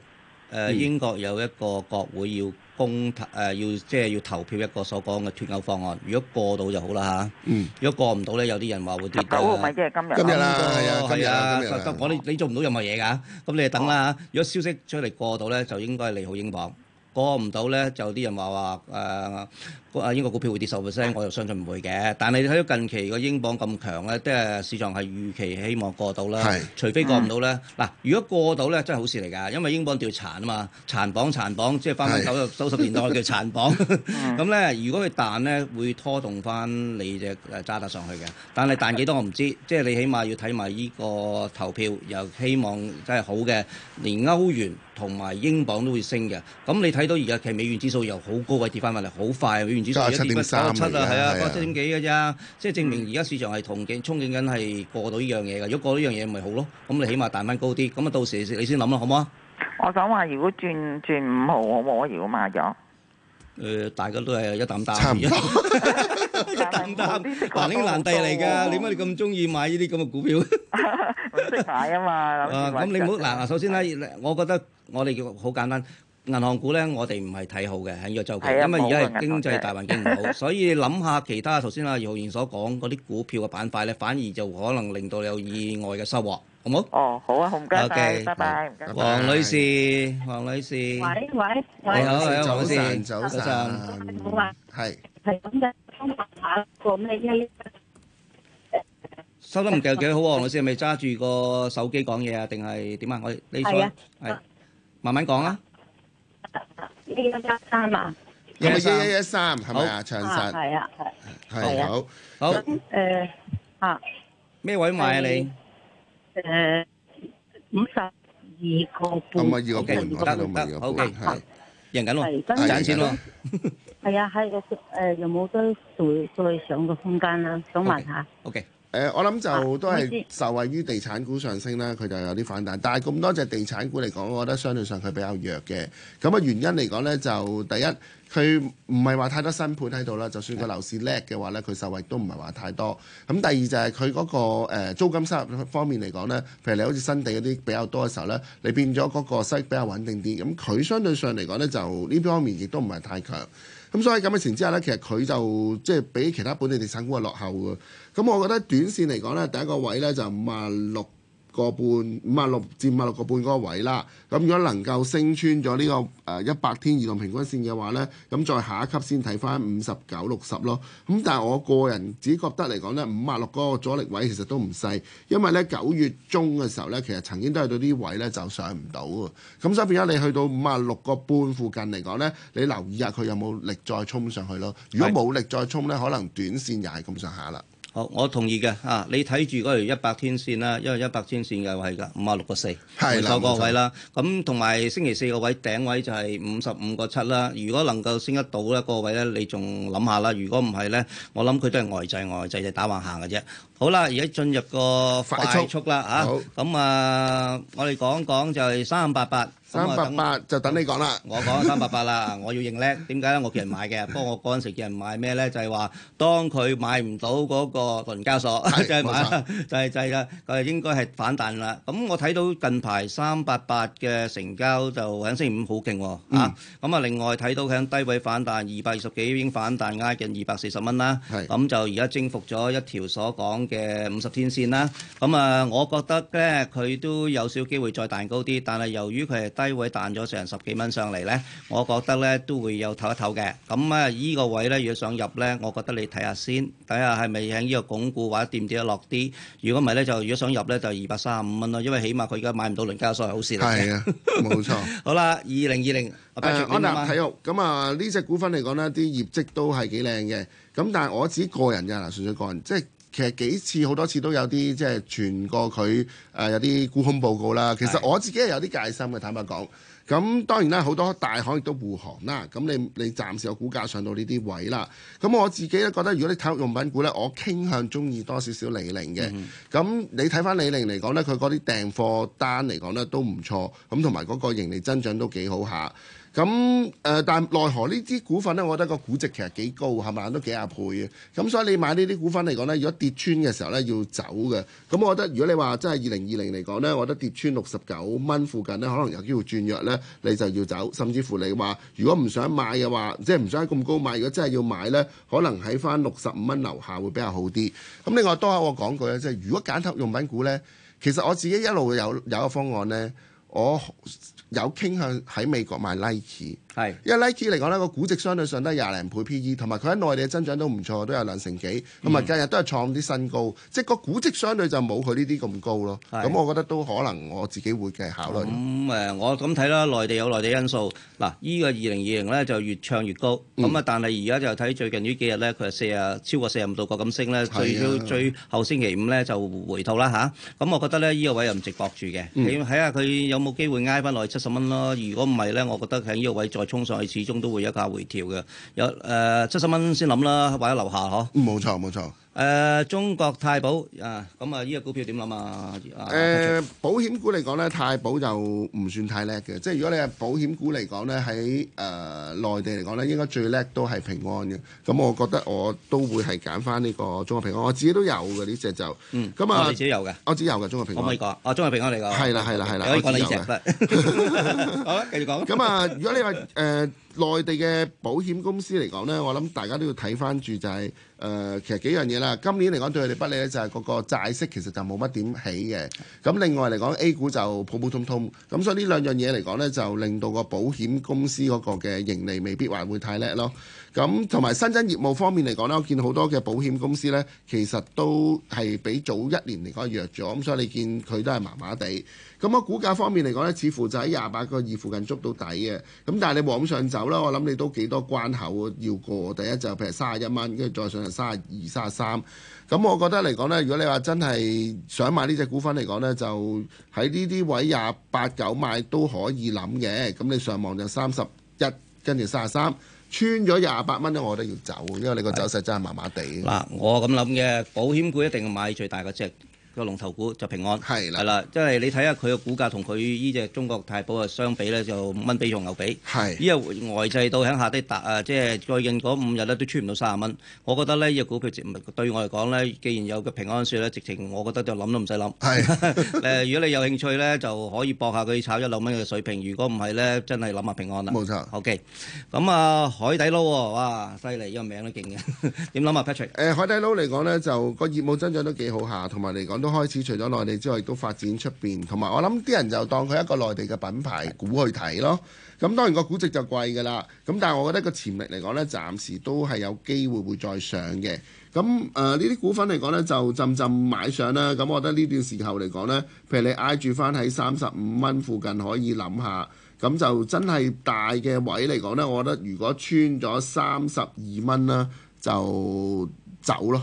誒英國有一個國會要公誒要即係要投票一個所講嘅脫歐方案，如果過到就好啦嚇。嗯，如果過唔到咧，有啲人話會跌到，唔係即係今日今日啦係啊，今日我你你做唔到任何嘢噶，咁你等啦嚇。如果消息出嚟過到咧，就應該利好英鎊。過唔到咧，就啲人話話誒，啊、呃、英國股票會跌十 percent，我又相信唔會嘅。但係你睇到近期個英鎊咁強咧，即係市場係預期希望過到啦。是除非過唔到咧，嗱、嗯，如果過到咧，真係好事嚟㗎，因為英鎊掉殘啊嘛，殘榜殘榜，即係翻翻九九十年代叫殘榜。咁咧，如果佢彈咧，會拖動翻你隻誒渣打上去嘅。但係彈幾多我唔知，即係你起碼要睇埋呢個投票，又希望真係好嘅，連歐元，同埋英鎊都會升嘅，咁你睇到而家其實美元指數又好高位跌翻翻嚟，好快美元指數而家七點三啊？係啊，七點幾嘅啫，即係證明而家市場係憧憬，憧憬緊係過到呢樣嘢嘅，如果過到呢樣嘢咪好咯，咁你起碼彈翻高啲，咁啊到時你先諗啦，好唔好我想話，如果轉轉五號，好冇乜如果賣咗。誒，大家都係一擔擔，一擔擔難兄難弟嚟㗎。點解你咁中意買呢啲咁嘅股票？分散啊嘛。啊，咁你唔好嗱嗱，首先咧，我覺得我哋叫好簡單，銀行股咧，我哋唔係睇好嘅喺約週期，因為而家係經濟大環境唔好，所以諗下其他頭先阿姚浩然所講嗰啲股票嘅板塊咧，反而就可能令到你有意外嘅收穫。好唔好？哦，好啊，OK，拜拜，唔該。黃女士，黃女士。喂喂，你好，你好，黃老師，早晨。係。係咁嘅，三萬個咩？收得唔夠幾好？黃女士係咪揸住個手機講嘢啊？定係點啊？我你坐係，慢慢講啊。一三一三，一三一三，係咪啊？長實係啊，係係好，好誒，吓咩位買啊？你？誒，五十二個半，五十二個半，得唔得？好嘅，係，贏緊咯，賺錢咯，係啊了，係嘅， 誒有冇得再再上個空間啦，想問下。O K。誒、呃，我諗就都係受惠於地產股上升啦，佢就有啲反彈。但係咁多隻地產股嚟講，我覺得相對上佢比較弱嘅。咁啊原因嚟講呢，就第一，佢唔係話太多新盤喺度啦。就算個樓市叻嘅話呢，佢受惠都唔係話太多。咁第二就係佢嗰個、呃、租金收入方面嚟講呢，譬如你好似新地嗰啲比較多嘅時候呢，你變咗嗰個息比較穩定啲。咁佢相對上嚟講呢，就呢方面亦都唔係太強。咁、嗯、所以咁嘅情況之下咧，其實佢就即係比其他本地地產股係落後嘅。咁、嗯、我覺得短線嚟講咧，第一個位咧就五萬六。個半五啊六至五啊六個半嗰個位啦，咁如果能夠升穿咗呢個誒一百天移動平均線嘅話呢，咁再下一級先睇翻五十九六十咯。咁但係我個人自己覺得嚟講呢，五啊六嗰個阻力位其實都唔細，因為呢九月中嘅時候呢，其實曾經都去到啲位呢就上唔到嘅。咁所以變咗你去到五啊六個半附近嚟講呢，你留意下佢有冇力再衝上去咯。如果冇力再衝呢，可能短線又係咁上下啦。我同意嘅啊，你睇住嗰條一百天線啦，因為一百天線嘅位㗎五啊六個四，夠個位啦。咁同埋星期四個位頂位就係五十五個七啦。如果能夠升得到咧，嗰個位咧你仲諗下啦。如果唔係咧，我諗佢都係呆滯呆滯就打橫行嘅啫。好啦，而家進入個快速速啦嚇，咁啊，我哋講講就係三八八，三八八就等你講啦，我講三八八啦，我要認叻，點解咧？我叫人買嘅，不過我嗰陣時叫人買咩咧？就係話當佢買唔到嗰個倫交所，就係買，就係就係啦，佢應該係反彈啦。咁我睇到近排三八八嘅成交就喺星期五好勁喎嚇，咁啊另外睇到佢喺低位反彈二百二十幾已經反彈挨近二百四十蚊啦，咁就而家征服咗一條所講嘅五十天線啦，咁啊，我覺得呢，佢都有少少機會再彈高啲，但係由於佢係低位彈咗成十幾蚊上嚟呢，我覺得呢都會有唞一唞嘅。咁啊，依、這個位呢，如果想入呢，我覺得你睇下先，睇下係咪喺呢個鞏固或者點點落啲。如果唔係呢，就如果想入呢，就二百三十五蚊咯，因為起碼佢而家買唔到輪家衰，所 好事嚟嘅。係啊、呃，冇錯。好啦、呃，二零二零安踏體育咁啊，呢隻股份嚟講呢，啲業績都係幾靚嘅。咁但係我自己個人㗎嗱，純粹個人即係。即其實幾次好多次都有啲即係傳過佢誒、呃、有啲沽空報告啦。其實我自己係有啲戒心嘅，坦白講。咁當然啦，好多大行亦都護航啦。咁你你暫時有股價上到呢啲位啦。咁我自己咧覺得，如果你體育用品股呢，我傾向中意多少少李寧嘅。咁、mm hmm. 你睇翻李寧嚟講呢，佢嗰啲訂貨單嚟講呢都唔錯。咁同埋嗰個盈利增長都幾好下。咁誒、呃，但奈何呢支股份呢，我覺得個估值其實幾高，係嘛都幾廿倍嘅。咁所以你買呢啲股份嚟講呢，如果跌穿嘅時候呢，要走嘅。咁我覺得如果你話真係二零二零嚟講呢，我覺得跌穿六十九蚊附近呢，可能有機會轉弱呢。你就要走，甚至乎你話，如果唔想買嘅話，即係唔想喺咁高買。如果真係要買呢，可能喺返六十五蚊樓下會比較好啲。咁另外，多一下我講句，咧，即係如果揀頭用品股呢，其實我自己一路有有一個方案呢，我有傾向喺美國買 Nike。係，是因為 Nike 嚟講咧，個估值相對上都係廿零倍 P/E，同埋佢喺內地嘅增長都唔錯，都有兩成幾，咁啊近日都係創啲新高，即係個估值相對就冇佢呢啲咁高咯。咁是我覺得都可能我自己會繼續考慮。咁誒、嗯，我咁睇啦，內地有內地因素。嗱，依、這個二零二零咧就越唱越高。咁、嗯、啊，但係而家就睇最近呢幾日咧，佢係四啊超過四十五度角咁升咧，最最後星期五咧就回吐啦吓，咁我覺得呢依個位又唔值博住嘅。你睇下佢有冇機會挨翻落去七十蚊咯？如果唔係咧，我覺得喺呢個位再。衝上去，始終都會一價回調嘅。有誒、呃、七十蚊先諗啦，或者樓下嗬。沒錯嗯，冇錯冇錯。誒，中國太保啊，咁啊，呢個股票點諗啊？誒，保險股嚟講咧，太保就唔算太叻嘅。即係如果你係保險股嚟講咧，喺誒內地嚟講咧，應該最叻都係平安嘅。咁我覺得我都會係揀翻呢個中國平安，我自己都有嘅呢隻就，嗯，我自己有嘅，我自己有嘅中國平安，我可以講，我中國平安嚟講，係啦係啦係啦，可以講呢隻，好，繼續講。咁啊，如果你話誒。內地嘅保險公司嚟講呢，我諗大家都要睇翻住就係、是、誒、呃，其實幾樣嘢啦。今年嚟講對佢哋不利呢，就係、是、嗰個債息其實就冇乜點起嘅。咁另外嚟講，A 股就普普通通。咁所以呢兩樣嘢嚟講呢，就令到個保險公司嗰個嘅盈利未必話會太叻咯。咁同埋新增業務方面嚟講呢，我見好多嘅保險公司呢，其實都係比早一年嚟講弱咗。咁所以你見佢都係麻麻地。咁啊、嗯，股價方面嚟講呢，似乎就喺廿八個二附近捉到底嘅。咁、嗯、但係你往上走咧，我諗你都幾多關口要過。第一就譬如三十一蚊，跟住再上就三十二、三十三。咁我覺得嚟講呢，如果你話真係想買呢隻股份嚟講呢，就喺呢啲位廿八九買都可以諗嘅。咁、嗯、你上望就三十一，跟住三十三，穿咗廿八蚊呢，我覺得要走，因為你個走勢真係麻麻地。嗱，我咁諗嘅，保險股一定買最大嗰隻。個龍頭股就平安，係啦的，係啦，即係你睇下佢嘅股價同佢呢隻中國太保啊相比咧，就蚊髀同牛髀。係的，呢個外滯到喺下跌達啊，即係最近嗰五日咧都出唔到三十蚊。我覺得呢依、這個、股票值唔係，對我嚟講呢，既然有個平安市咧，直情我覺得就諗都唔使諗。係的。 如果你有興趣咧，就可以搏下佢炒一兩蚊嘅水平。如果唔係咧，真係諗下平安啦。冇錯。OK，咁啊，海底撈、哦、哇，犀利呢個名都勁嘅。點諗啊，Patrick？誒、呃，海底撈嚟講咧，就、個業務增長都幾好下，同埋嚟講都開始除咗內地之外，亦都發展出邊，同埋我諗啲人就當佢一個內地嘅品牌股去睇咯。咁當然個估值就貴噶啦。咁但係我覺得個潛力嚟講呢，暫時都係有機會會再上嘅。咁誒呢啲股份嚟講呢，就浸浸買上啦。咁我覺得呢段時候嚟講呢，譬如你挨住返喺三十五蚊附近可以諗下。咁就真係大嘅位嚟講呢。我覺得如果穿咗三十二蚊啦，就走咯。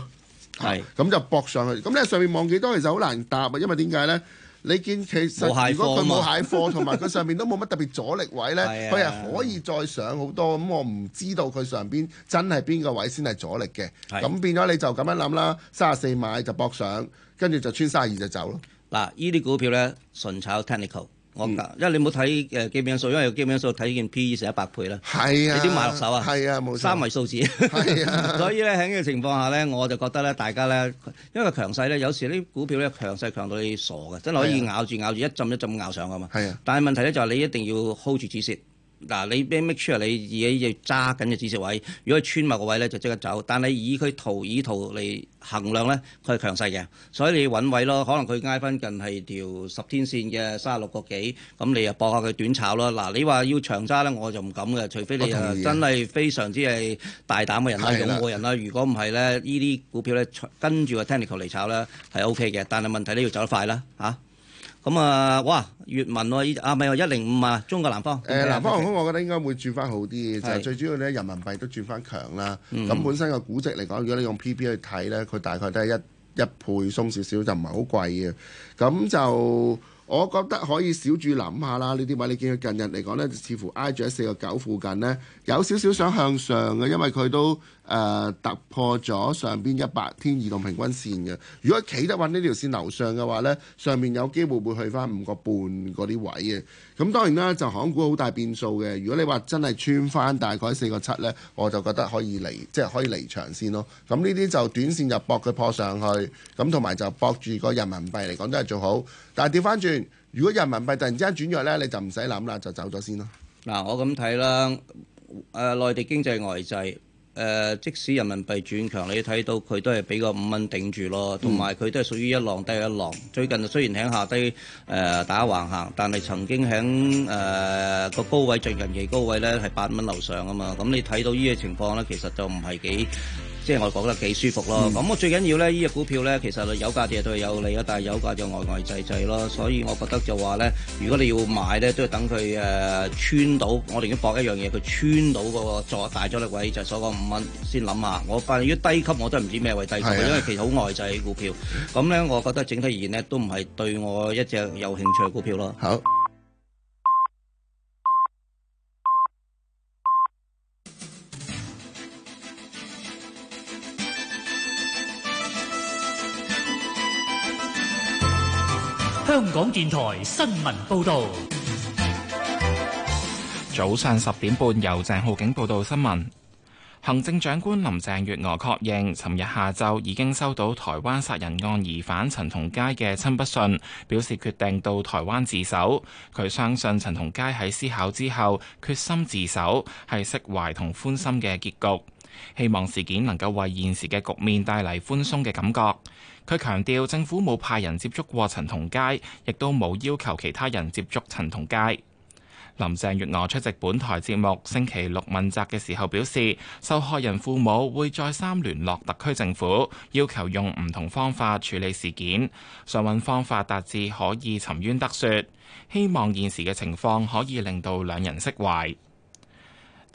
係，咁是、啊、就搏上去。咁你喺上面望幾多其實好難答，啊，因為點解呢？你見其實如果佢冇蟹貨，同埋佢上面都冇乜特別阻力位呢，佢係、 啊、可以再上好多。咁、嗯、我唔知道佢上邊真係邊個位先係阻力嘅。咁是變咗你就咁樣諗啦，三十四買就搏上，跟住就穿三十二就走咯。嗱，呢啲股票呢，純炒 technical。我、嗯、因為你冇睇誒基本面數，呃嗯、因為基本面數睇件 P E 成一百倍啦。係啊，你點買落手啊？係啊，冇錯，三位數字。係 啊，所以咧喺呢個情況下咧，我就覺得咧，大家咧，因為強勢咧，有時啲股票咧強勢強到你傻嘅，真係可以咬住、啊、咬住一浸一浸咬上㗎嘛。係啊，但係問題咧就係、是、你一定要 hold 住止蝕。嗱、啊，你咩 make sure 你自己要揸緊嘅止蝕位，如果穿埋個位咧，就即刻走。但係以佢圖以圖嚟衡量咧，佢係強勢嘅，所以你穩位咯。可能佢挨翻近係條十天線嘅三十六個幾，咁、嗯、你啊搏下佢短炒咯。嗱、啊，你話要長揸咧，我就唔敢嘅。除非你係真係非常之係大膽嘅人啦、勇嘅人啦。如果唔係咧，呢啲股票咧跟住個 technical 嚟炒咧係 OK 嘅，但係問題你要走得快啦嚇。啊咁啊、嗯，哇，粵文喎，啊咪話一零五啊，中國南方。誒，南方航、呃、是空，我覺得應該會轉翻好啲，是就最主要咧，人民幣都轉翻強啦。咁、嗯、本身個估值嚟講，如果你用 P B 去睇咧，佢大概都係一一倍鬆一點點，鬆少少就唔係好貴嘅。咁就我覺得可以小注諗下啦。呢啲位你見佢近日嚟講咧，似乎挨住喺四個九附近咧，有少少想向上嘅，因為佢都。誒、呃、突破咗上邊一百天移動平均線嘅。如果企得穩呢條線樓上嘅話呢，上面有機會會去翻五個半嗰啲位嘅。咁當然啦，就港股好大變數嘅。如果你話真係穿翻大概四個七呢，我就覺得可以離即係、就是、可以離場先咯。咁呢啲就短線就搏佢破上去，咁同埋就搏住個人民幣嚟講都係最好。但係調翻轉，如果人民幣突然之間轉弱呢，你就唔使諗啦，就走咗先咯。嗱，我咁睇啦，誒、呃、內地經濟外滯。誒、呃，即使人民幣轉強，你睇到佢都係俾個五蚊頂住咯，同埋佢都係屬於一浪低一浪。最近雖然喺下低誒、呃、打橫行，但係曾經喺誒、呃、個高位近期高位咧係八蚊樓上啊嘛。咁你睇到呢個情況咧，其實就唔係幾。即係我覺得幾舒服咯。咁我、嗯、最緊要咧，呢隻股票咧，其實有價值係對佢有利啊，但係有價就外外滯滯咯。所以我覺得就話咧，如果你要買咧，都要等佢誒、呃、穿到。我寧願搏一樣嘢，佢穿到個作大阻力位就所講五蚊先諗下。我凡係如果低級，我都唔知咩為低級，啊、因為其實好外滯股票。咁咧，我覺得整體而言咧，都唔係對我一隻有興趣嘅股票咯。好。香港電台新聞報道，早上十點半由鄭浩景報道新聞。行政長官林鄭月娥確認，尋日下晝已經收到台灣殺人案疑犯陳同佳嘅親筆信，表示決定到台灣自首。佢相信陳同佳喺思考之後，決心自首係釋懷同寬心嘅結局，希望事件能夠為現時嘅局面帶嚟寬鬆嘅感覺。佢強調，政府冇派人接觸過陳同佳，亦都冇要求其他人接觸陳同佳。林鄭月娥出席本台節目星期六問責嘅時候表示，受害人父母會再三聯絡特區政府，要求用唔同方法處理事件，想揾方法達至可以沉冤得雪，希望現時嘅情況可以令到兩人釋懷。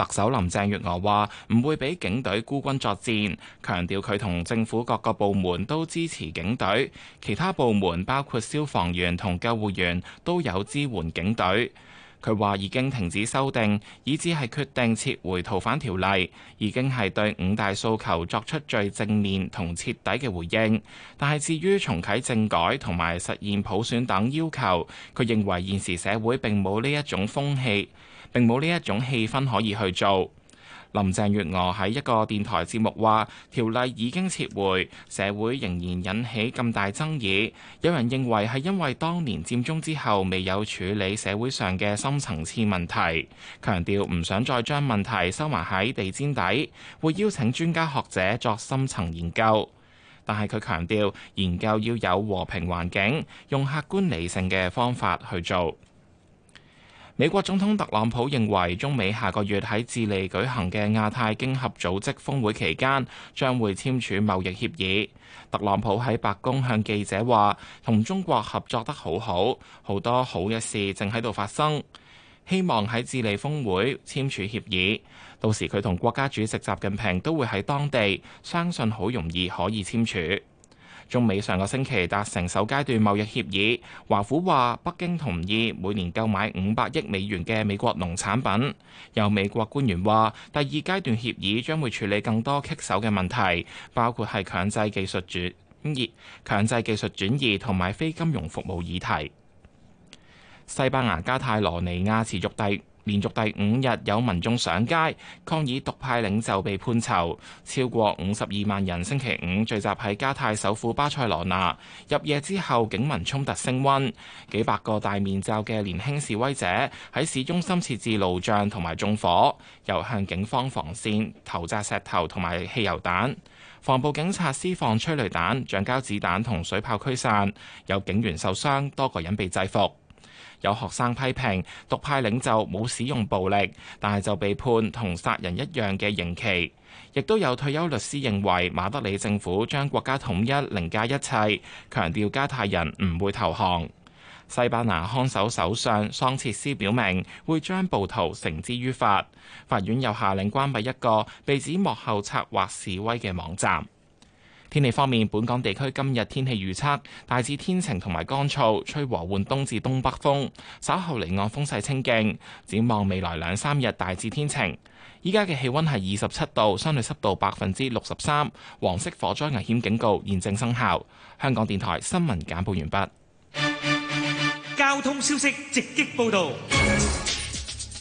特首林鄭月娥話唔會俾警隊孤軍作戰，強調佢同政府各個部門都支持警隊，其他部門包括消防員同救護員都有支援警隊，佢話已經停止修訂，以至係決定撤回逃犯條例，已經係對五大訴求作出最正面同徹底嘅回應，但係至於重啟政改同埋實現普選等要求，佢認為現時社會並冇呢一種風氣。並冇呢一種氣氛可以去做。林鄭月娥喺一個電台節目話：條例已經撤回，社會仍然引起咁大爭議。有人認為係因為當年佔中之後未有處理社會上嘅深層次問題，強調唔想再將問題收埋喺地氈底，會邀請專家學者作深層研究。但係佢強調，研究要有和平環境，用客觀理性嘅方法去做。美國總統特朗普認為，中美下個月喺智利舉行嘅亞太經合組織峰會期間，將會簽署貿易協議。特朗普喺白宮向記者話，同中國合作得好好，好多好嘅事正喺度發生，希望喺智利峰會簽署協議。到時佢同國家主席習近平都會喺當地，相信好容易可以簽署。中美上個星期達成首階段貿易協議，華府話北京同意每年購買五百億美元嘅美國農產品。有美國官員話，第二階段協議將會處理更多棘手嘅問題，包括係強制技術轉移、強制技術轉移同埋非金融服務議題。西班牙加泰羅尼亞持續低。連續第五日有民眾上街抗議獨派領袖被判囚，超過五十二萬人星期五聚集喺加泰首府巴塞羅那。入夜之後，警民衝突升溫，幾百個戴面罩嘅年輕示威者喺市中心設置路障同埋縱火，又向警方防線投擲石頭同埋汽油彈。防暴警察施放催淚彈、橡膠子彈同水炮驅散，有警員受傷，多個人被制服。有學生批評獨派領袖冇使用暴力，但係就被判同殺人一樣嘅刑期。亦都有退休律師認為馬德里政府將國家統一凌駕一切，強調加泰人唔會投降。西班牙看守首相桑切斯表明會將暴徒繩之於法。法院又下令關閉一個被指幕後策劃示威嘅網站。天氣方面，本港地區今日天氣預測，大致天晴同埋乾燥，吹和緩東至東北風。稍後離岸風勢清勁，展望未來兩三日大致天晴。依家嘅氣溫係二十七度，相對濕度百分之六十三，黃色火災危險警告現正生效。香港電台新聞簡報完畢。交通消息直擊報道。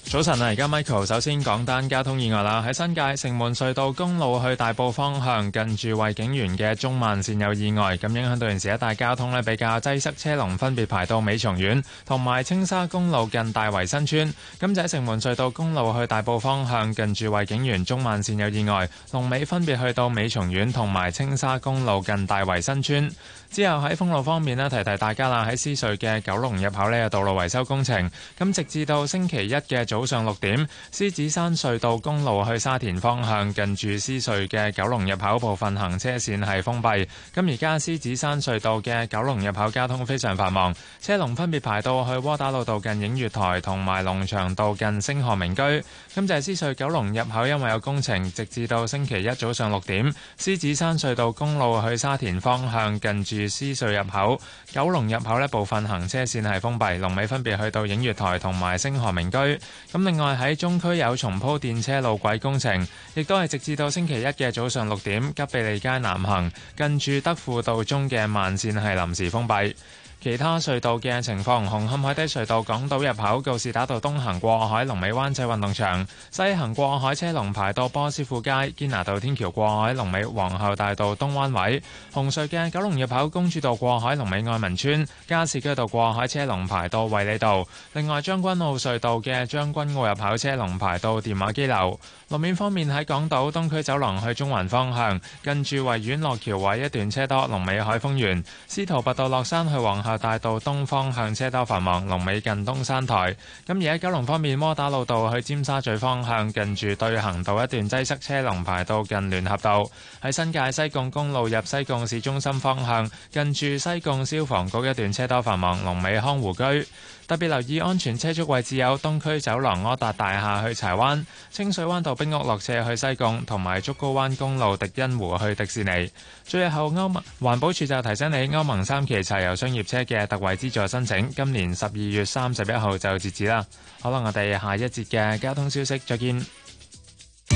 早晨啊！而家 Michael 首先講單交通意外啦。喺新界城門隧道公路去大埔方向近住惠景園嘅中慢線有意外，咁影響到現時一帶交通咧比較擠塞，車龍，分別排到美松苑同埋青沙公路近大圍新村。咁就喺城門隧道公路去大埔方向近住惠景園中慢線有意外，龍尾分別去到美松苑同埋青沙公路近大圍新村。之後喺封路方面呢，提提大家啦。喺獅隧嘅九龍入口呢有道路維修工程，咁直至到星期一嘅早上六點，獅子山隧道公路去沙田方向近住獅隧嘅九龍入口部分行車線係封閉。咁而家獅子山隧道嘅九龍入口交通非常繁忙，車龍分別排到去窩打老道近映月台同埋龍翔道近星河明居。咁就係獅隧九龍入口因為有工程，直至到星期一早上六點，獅子山隧道公路去沙田方向近住住獅隧入口、九龍入口呢部分行車線係封閉，龍尾分別去到映月台同埋星河名居。咁另外喺中區有重鋪電車路軌工程，亦都係直至到星期一嘅早上六點。吉庇利街南行近住德輔道中嘅慢線係臨時封閉。其他隧道嘅情況：紅磡海底隧道港島入口告士打道東行過海，龍尾灣仔運動場；西行過海車龍排到波斯富街、堅拿道天橋過海，龍尾皇后大道東彎位。紅隧嘅九龍入口公主道過海，龍尾愛民村；加士居道過海車龍排到衛理道。另外，將軍澳隧道嘅將軍澳入口車龍排到電話機樓。路面方面喺港島東區走廊去中環方向，近住維園落橋位一段車多；龍尾海峯園。司徒拔道落山去皇后大道東方向車多繁忙，龍尾近東山台。咁而喺九龍方面，窩打老道去尖沙咀方向，近住對衡道一段擠塞車龍排到近聯合道。喺新界西貢公路入西貢市中心方向，近住西貢消防局一段車多繁忙，龍尾匡湖居。特別留意安全車速位置有東區走廊柯達大廈去柴灣、清水灣道冰屋落車去西貢，同埋竹篙灣公路迪欣湖去迪士尼。最後，歐盟環保署就提醒你，歐盟三期柴油商業車嘅特惠資助申請，今年十二月三十一號就截止啦。好啦，我哋下一節嘅交通消息，再見。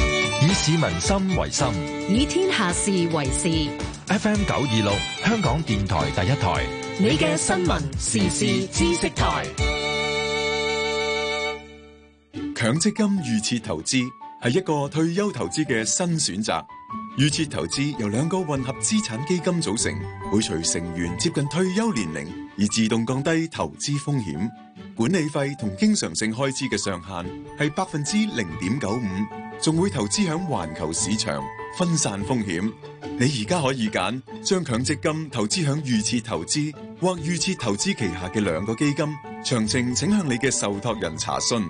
以市民心為心，以天下事為事。FM 九二六，香港電台第一台。你嘅新聞時事知識台，強積金預設投資係一個退休投資嘅新選擇。預設投資由兩個混合資產基金組成，會隨成員接近退休年齡而自動降低投資風險。管理費同經常性開支嘅上限係百分之零點九五，仲會投資響環球市場。分散風險，你而家可以揀將強積金投資響預設投資或預設投資旗下嘅兩個基金。詳情請向你嘅受託人查詢。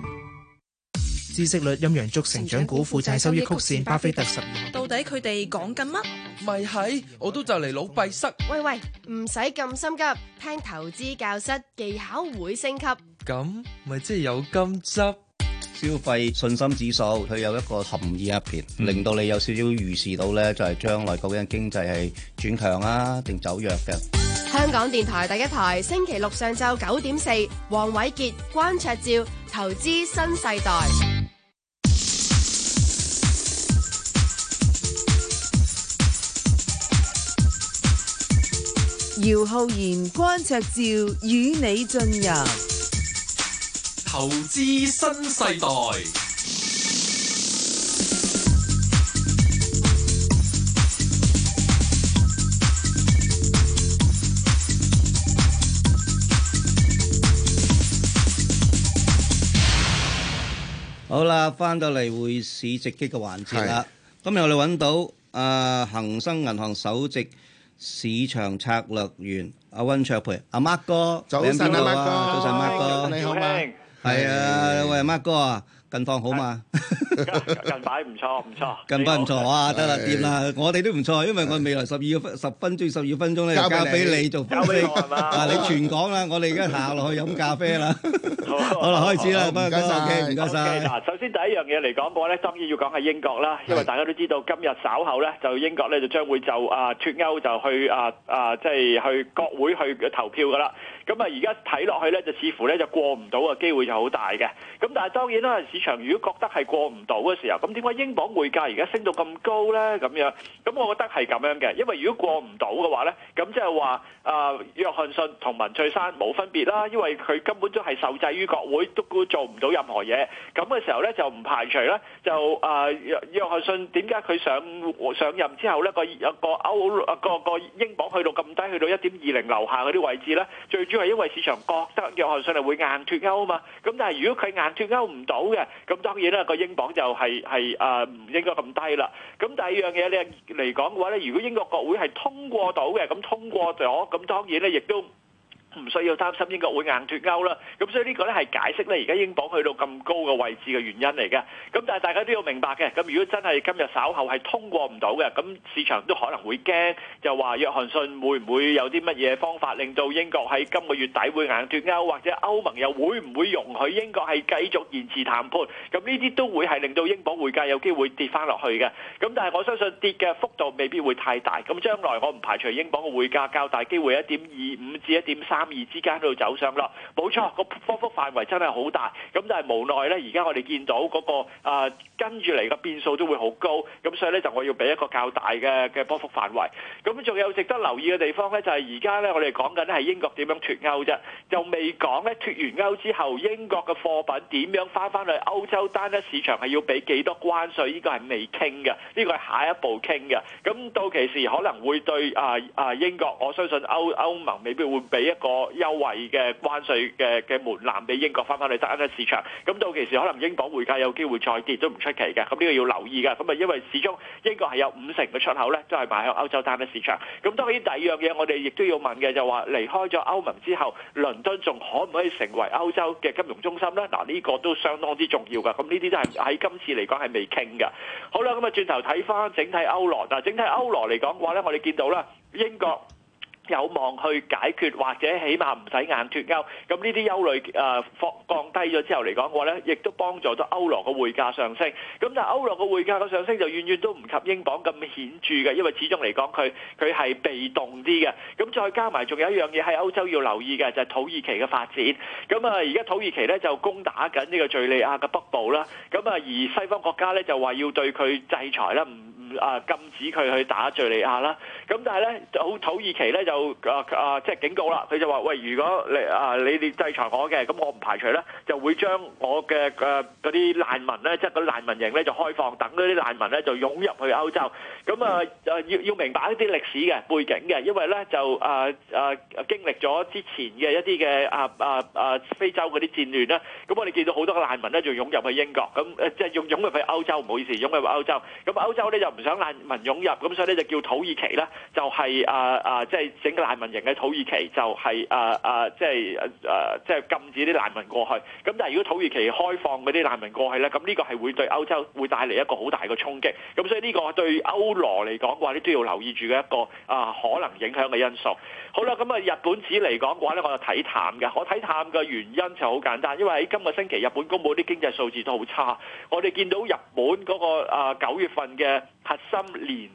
知識率陰陽燭成長股負債收益曲線巴菲特十年，到底佢哋講緊乜？咪係我都就嚟老閉塞。喂喂，唔使咁心急，聽投資教室技巧會升級。咁咪即係有金執？消費信心指數，佢有一個含義，入邊，嗯、令到你有少少預示到呢，就係、是、將來究竟經濟係轉強啊定走弱嘅。香港電台第一台，星期六上晝九點四，黃偉傑、關焯照投資新世代，姚浩然、關焯照與你進入。投資新世代。好啦，翻到嚟會市直擊嘅環節啦。的今日我哋揾到呃、阿恒生銀行首席市場策略員阿温卓培，阿、啊、孖哥。早晨上啊，孖哥，早晨，孖哥，孖哥你好嘛。係啊，喂，孖哥啊，近況好嘛？近排唔錯唔錯，近排唔錯啊！得啦掂啦，我哋都唔錯，因為我未來十二分十分鐘十二分鐘咧交架俾你做分析，啊你全講啦，我哋而家行落去飲咖啡啦。好啦，開始啦，孖哥，唔該晒。嗱，首先第一樣嘢嚟講嘅話咧，當然要講係英國啦，因為大家都知道今日稍後咧就英國咧就將會就啊脫歐就去啊啊即係去國會去投票噶啦。咁啊，而家睇落去咧，就似乎咧就過唔到嘅機會就好大嘅。咁但係當然啦，市場如果覺得係過唔到嘅時候，咁點解英鎊匯價而家升到咁高咧？咁樣咁我覺得係咁樣嘅，因為如果過唔到嘅話咧，咁即係話啊，約翰遜同文翠珊冇分別啦，因為佢根本都係受制於國會，都做唔到任何嘢。咁嘅時候咧，就唔排除咧，就啊約約翰遜點解佢上上任之後咧個個歐個個英鎊去到咁低，去到一點二零樓下嗰啲位置咧，最。就係因為市場覺得約翰遜係會硬脱歐嘛，咁但係如果佢硬脱歐唔到嘅，咁當然咧個英鎊就係係誒唔應該咁低啦。咁第二樣嘢咧嚟講嘅話咧，如果英國國會係通過到嘅，咁通過咗，咁當然咧亦都。唔需要擔心英國會硬脱歐啦，咁所以呢個呢係解釋呢而家英鎊去到咁高嘅位置嘅原因嚟嘅。咁但係大家都要明白嘅，咁如果真係今日稍後係通過唔到嘅，咁市場都可能會驚，就話約翰遜會唔會有啲乜嘢方法令到英國喺今個月底會硬脱歐，或者歐盟又會唔會容許英國係繼續延遲談判？咁呢啲都會係令到英鎊匯價有機會跌翻落去嘅。咁但係我相信跌嘅幅度未必會太大。咁將來我唔排除英鎊嘅匯價較大機會一點二五至一點三二之間喺度走上落，冇錯個波幅範圍真係好大，咁但係無奈呢。而家我哋見到嗰、嗰個、呃、跟住嚟嘅變數都會好高，咁所以呢，就我要俾一個較大嘅嘅波幅範圍。咁仲有值得留意嘅地方呢，就係而家呢，我哋講緊係英國點樣脫歐啫，就未講呢脫完歐之後英國嘅貨品點樣返返去歐洲單一市場係要俾幾多關稅，呢、呢個係未傾嘅，呢、呢個係下一步傾嘅。咁到其時可能會對啊啊英國，我相信歐歐盟未必會俾一個。個優惠嘅關稅嘅嘅門檻俾英國翻返去單一市場。咁到其時可能英鎊匯價有機會再跌都唔出奇嘅，咁呢個要留意噶。咁啊，因為始終英國係有五成嘅出口呢，都係賣喺歐洲單一市場。咁當然第二樣嘢我哋亦都要問嘅，就話離開咗歐盟之後，倫敦仲可唔可以成為歐洲嘅金融中心呢？嗱，呢個都相當之重要噶。咁呢啲都係喺今次嚟講係未傾噶。好啦，咁啊轉頭睇翻整體歐羅嗱，整體歐羅嚟講嘅話呢，我哋見到啦，英國。有望去解決或者起碼唔使硬脱鈎，咁呢啲憂慮誒放、呃、降低咗之後嚟講嘅話咧，亦都幫助咗歐羅嘅匯價上升。咁但係歐羅嘅匯價嘅上升就遠遠都唔及英鎊咁顯著嘅，因為始終嚟講佢佢係被動啲嘅。咁再加埋仲有一樣嘢喺歐洲要留意嘅就係、是、土耳其嘅發展。咁啊而家土耳其咧就攻打緊呢個敘利亞嘅北部啦。咁啊而西方國家咧就話要對佢制裁啦。唔啊！禁止佢去打敍利亞啦，咁但係咧，好土耳其咧就啊啊，即係警告啦。佢就話：喂，如果你啊你哋制裁我嘅，咁我唔排除咧，就會將我嘅誒嗰啲難民咧，即係嗰啲難民營咧，就開放，等嗰啲難民咧就湧入去歐洲。咁啊啊，要要明白一啲歷史嘅背景嘅，因為咧就啊啊經歷咗之前嘅一啲嘅啊啊啊非洲嗰啲戰亂啦。咁我哋見到好多個難民咧，就湧入去英國，咁即係湧入去歐洲。唔好意思，湧入去歐洲。咁歐洲咧就。唔想難民湧入，咁所以呢，就叫土耳其咧、就係啊啊，就係啊啊，即係整難民營嘅土耳其、就係啊啊，就係、係、啊啊，即係誒即係禁止啲難民過去。咁但係如果土耳其開放嗰啲難民過去呢，咁呢個係會對歐洲會帶嚟一個好大嘅衝擊。咁所以呢個對歐羅嚟講嘅話，你都要留意住嘅一個啊可能影響嘅因素。好啦，咁啊日本指嚟講嘅話呢，我就睇淡嘅。我睇淡嘅原因就好簡單，因為喺今個星期日本公布啲經濟數字都好差。我哋見到日本嗰個啊九月份嘅。核心鏈。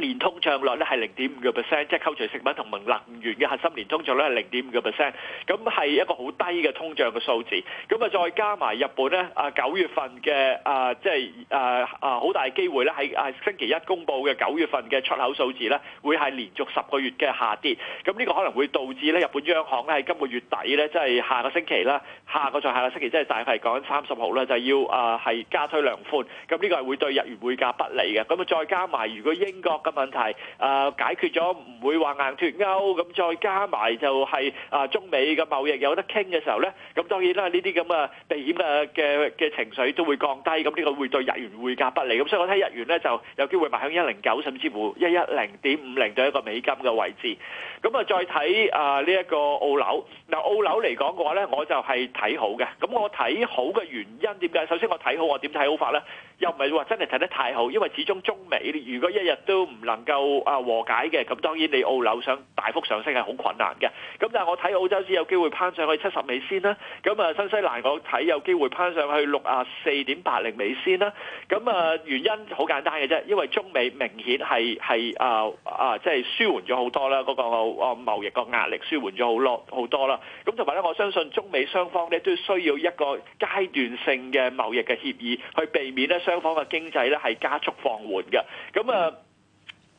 年通脹率咧係零點五個 percent，即係扣除食品同埋能源嘅核心年通脹率咧係零點五個 percent，咁係一個好低嘅通脹嘅數字。咁啊再加埋日本咧啊九月份嘅啊即係啊啊好大機會咧喺啊星期一公布嘅九月份嘅出口數字咧會係連續十個月嘅下跌。咁呢個可能會導致咧日本央行咧喺今個月底咧即係下個星期啦，下個再下個星期即係大概係講緊三十號咧就要啊係加推量寬。咁呢個係會對日元匯價不利嘅。咁啊再加埋如果英國嘅問題、呃、解決咗，唔會話硬脱歐咁，再加埋就係、是、啊、呃、中美嘅貿易有得傾嘅時候咧，咁、嗯、當然啦，呢啲咁嘅避險嘅嘅嘅情緒都會降低，咁呢個會對日元匯價不利，咁、嗯、所以我睇日元咧就有機會邁向一零九，甚至乎一一零點五零兌一個美金嘅位置。咁、嗯、啊再睇啊呢一個澳樓，嗱、呃、澳樓嚟講嘅話咧，我就係睇好嘅。咁我睇好嘅原因點解？首先我睇好我點睇好法咧，又唔係話真係睇得太好，因為始終中美如果一日都唔唔能夠啊和解嘅，咁當然你澳樓想大幅上升係好困難嘅。咁但係我睇澳洲先有機會攀上去七十美仙啦。咁啊新西蘭我睇有機會攀上去六啊四點八零美仙啦。咁啊原因好簡單嘅啫，因為中美明顯係係啊啊即係、就是、舒緩咗好多啦，嗰、那個、啊、貿易個壓力舒緩咗好多好多啦。咁同埋咧，我相信中美雙方咧都需要一個階段性嘅貿易嘅協議，去避免呢雙方嘅經濟呢係加速放緩嘅。咁啊～、嗯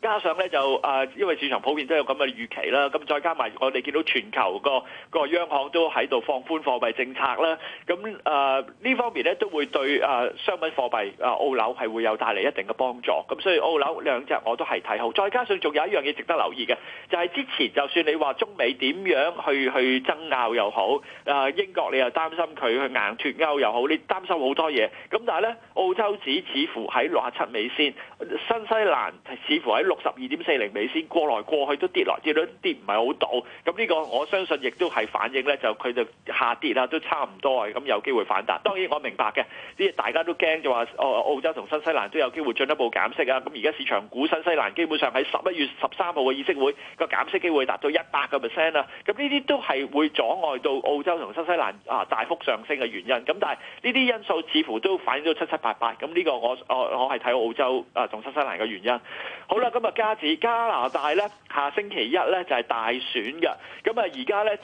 加上咧就啊，因為市場普遍都有咁嘅預期啦，咁、啊、再加埋我哋見到全球個個央行都喺度放寬貨幣政策啦，咁啊呢、啊、方面咧都會對啊商品貨幣、啊澳紐係會有帶嚟一定嘅幫助，咁、啊、所以澳紐兩隻我都係睇好。再加上仲有一樣嘢值得留意嘅，就係、是、之前就算你話中美點樣去去爭拗又好，啊英國你又擔心佢去硬脫歐又好，你擔心好多嘢，咁、啊、但係咧澳洲指似乎喺六啊七美仙，新西蘭似乎喺。六十二點四零美先過來過去都跌落，跌到跌唔係好到。咁呢個我相信亦都係反映呢，就佢就下跌啦，都差唔多啊。咁有機會反彈。當然我明白嘅，啲大家都驚就話，澳洲同新西蘭都有機會進一步減息啊。咁而家市場估新西蘭基本上喺十一月十三號嘅議息會個減息機會達到一百個 percent 啦。咁呢啲都係會阻礙到澳洲同新西蘭啊大幅上升嘅原因。咁但係呢啲因素似乎都反映咗七七八八。咁呢個我我我係睇澳洲啊同新西蘭嘅原因。好啦，咁啊，加至加拿大咧，下星期一咧就係、是、大選嘅。咁、嗯、啊，而家咧，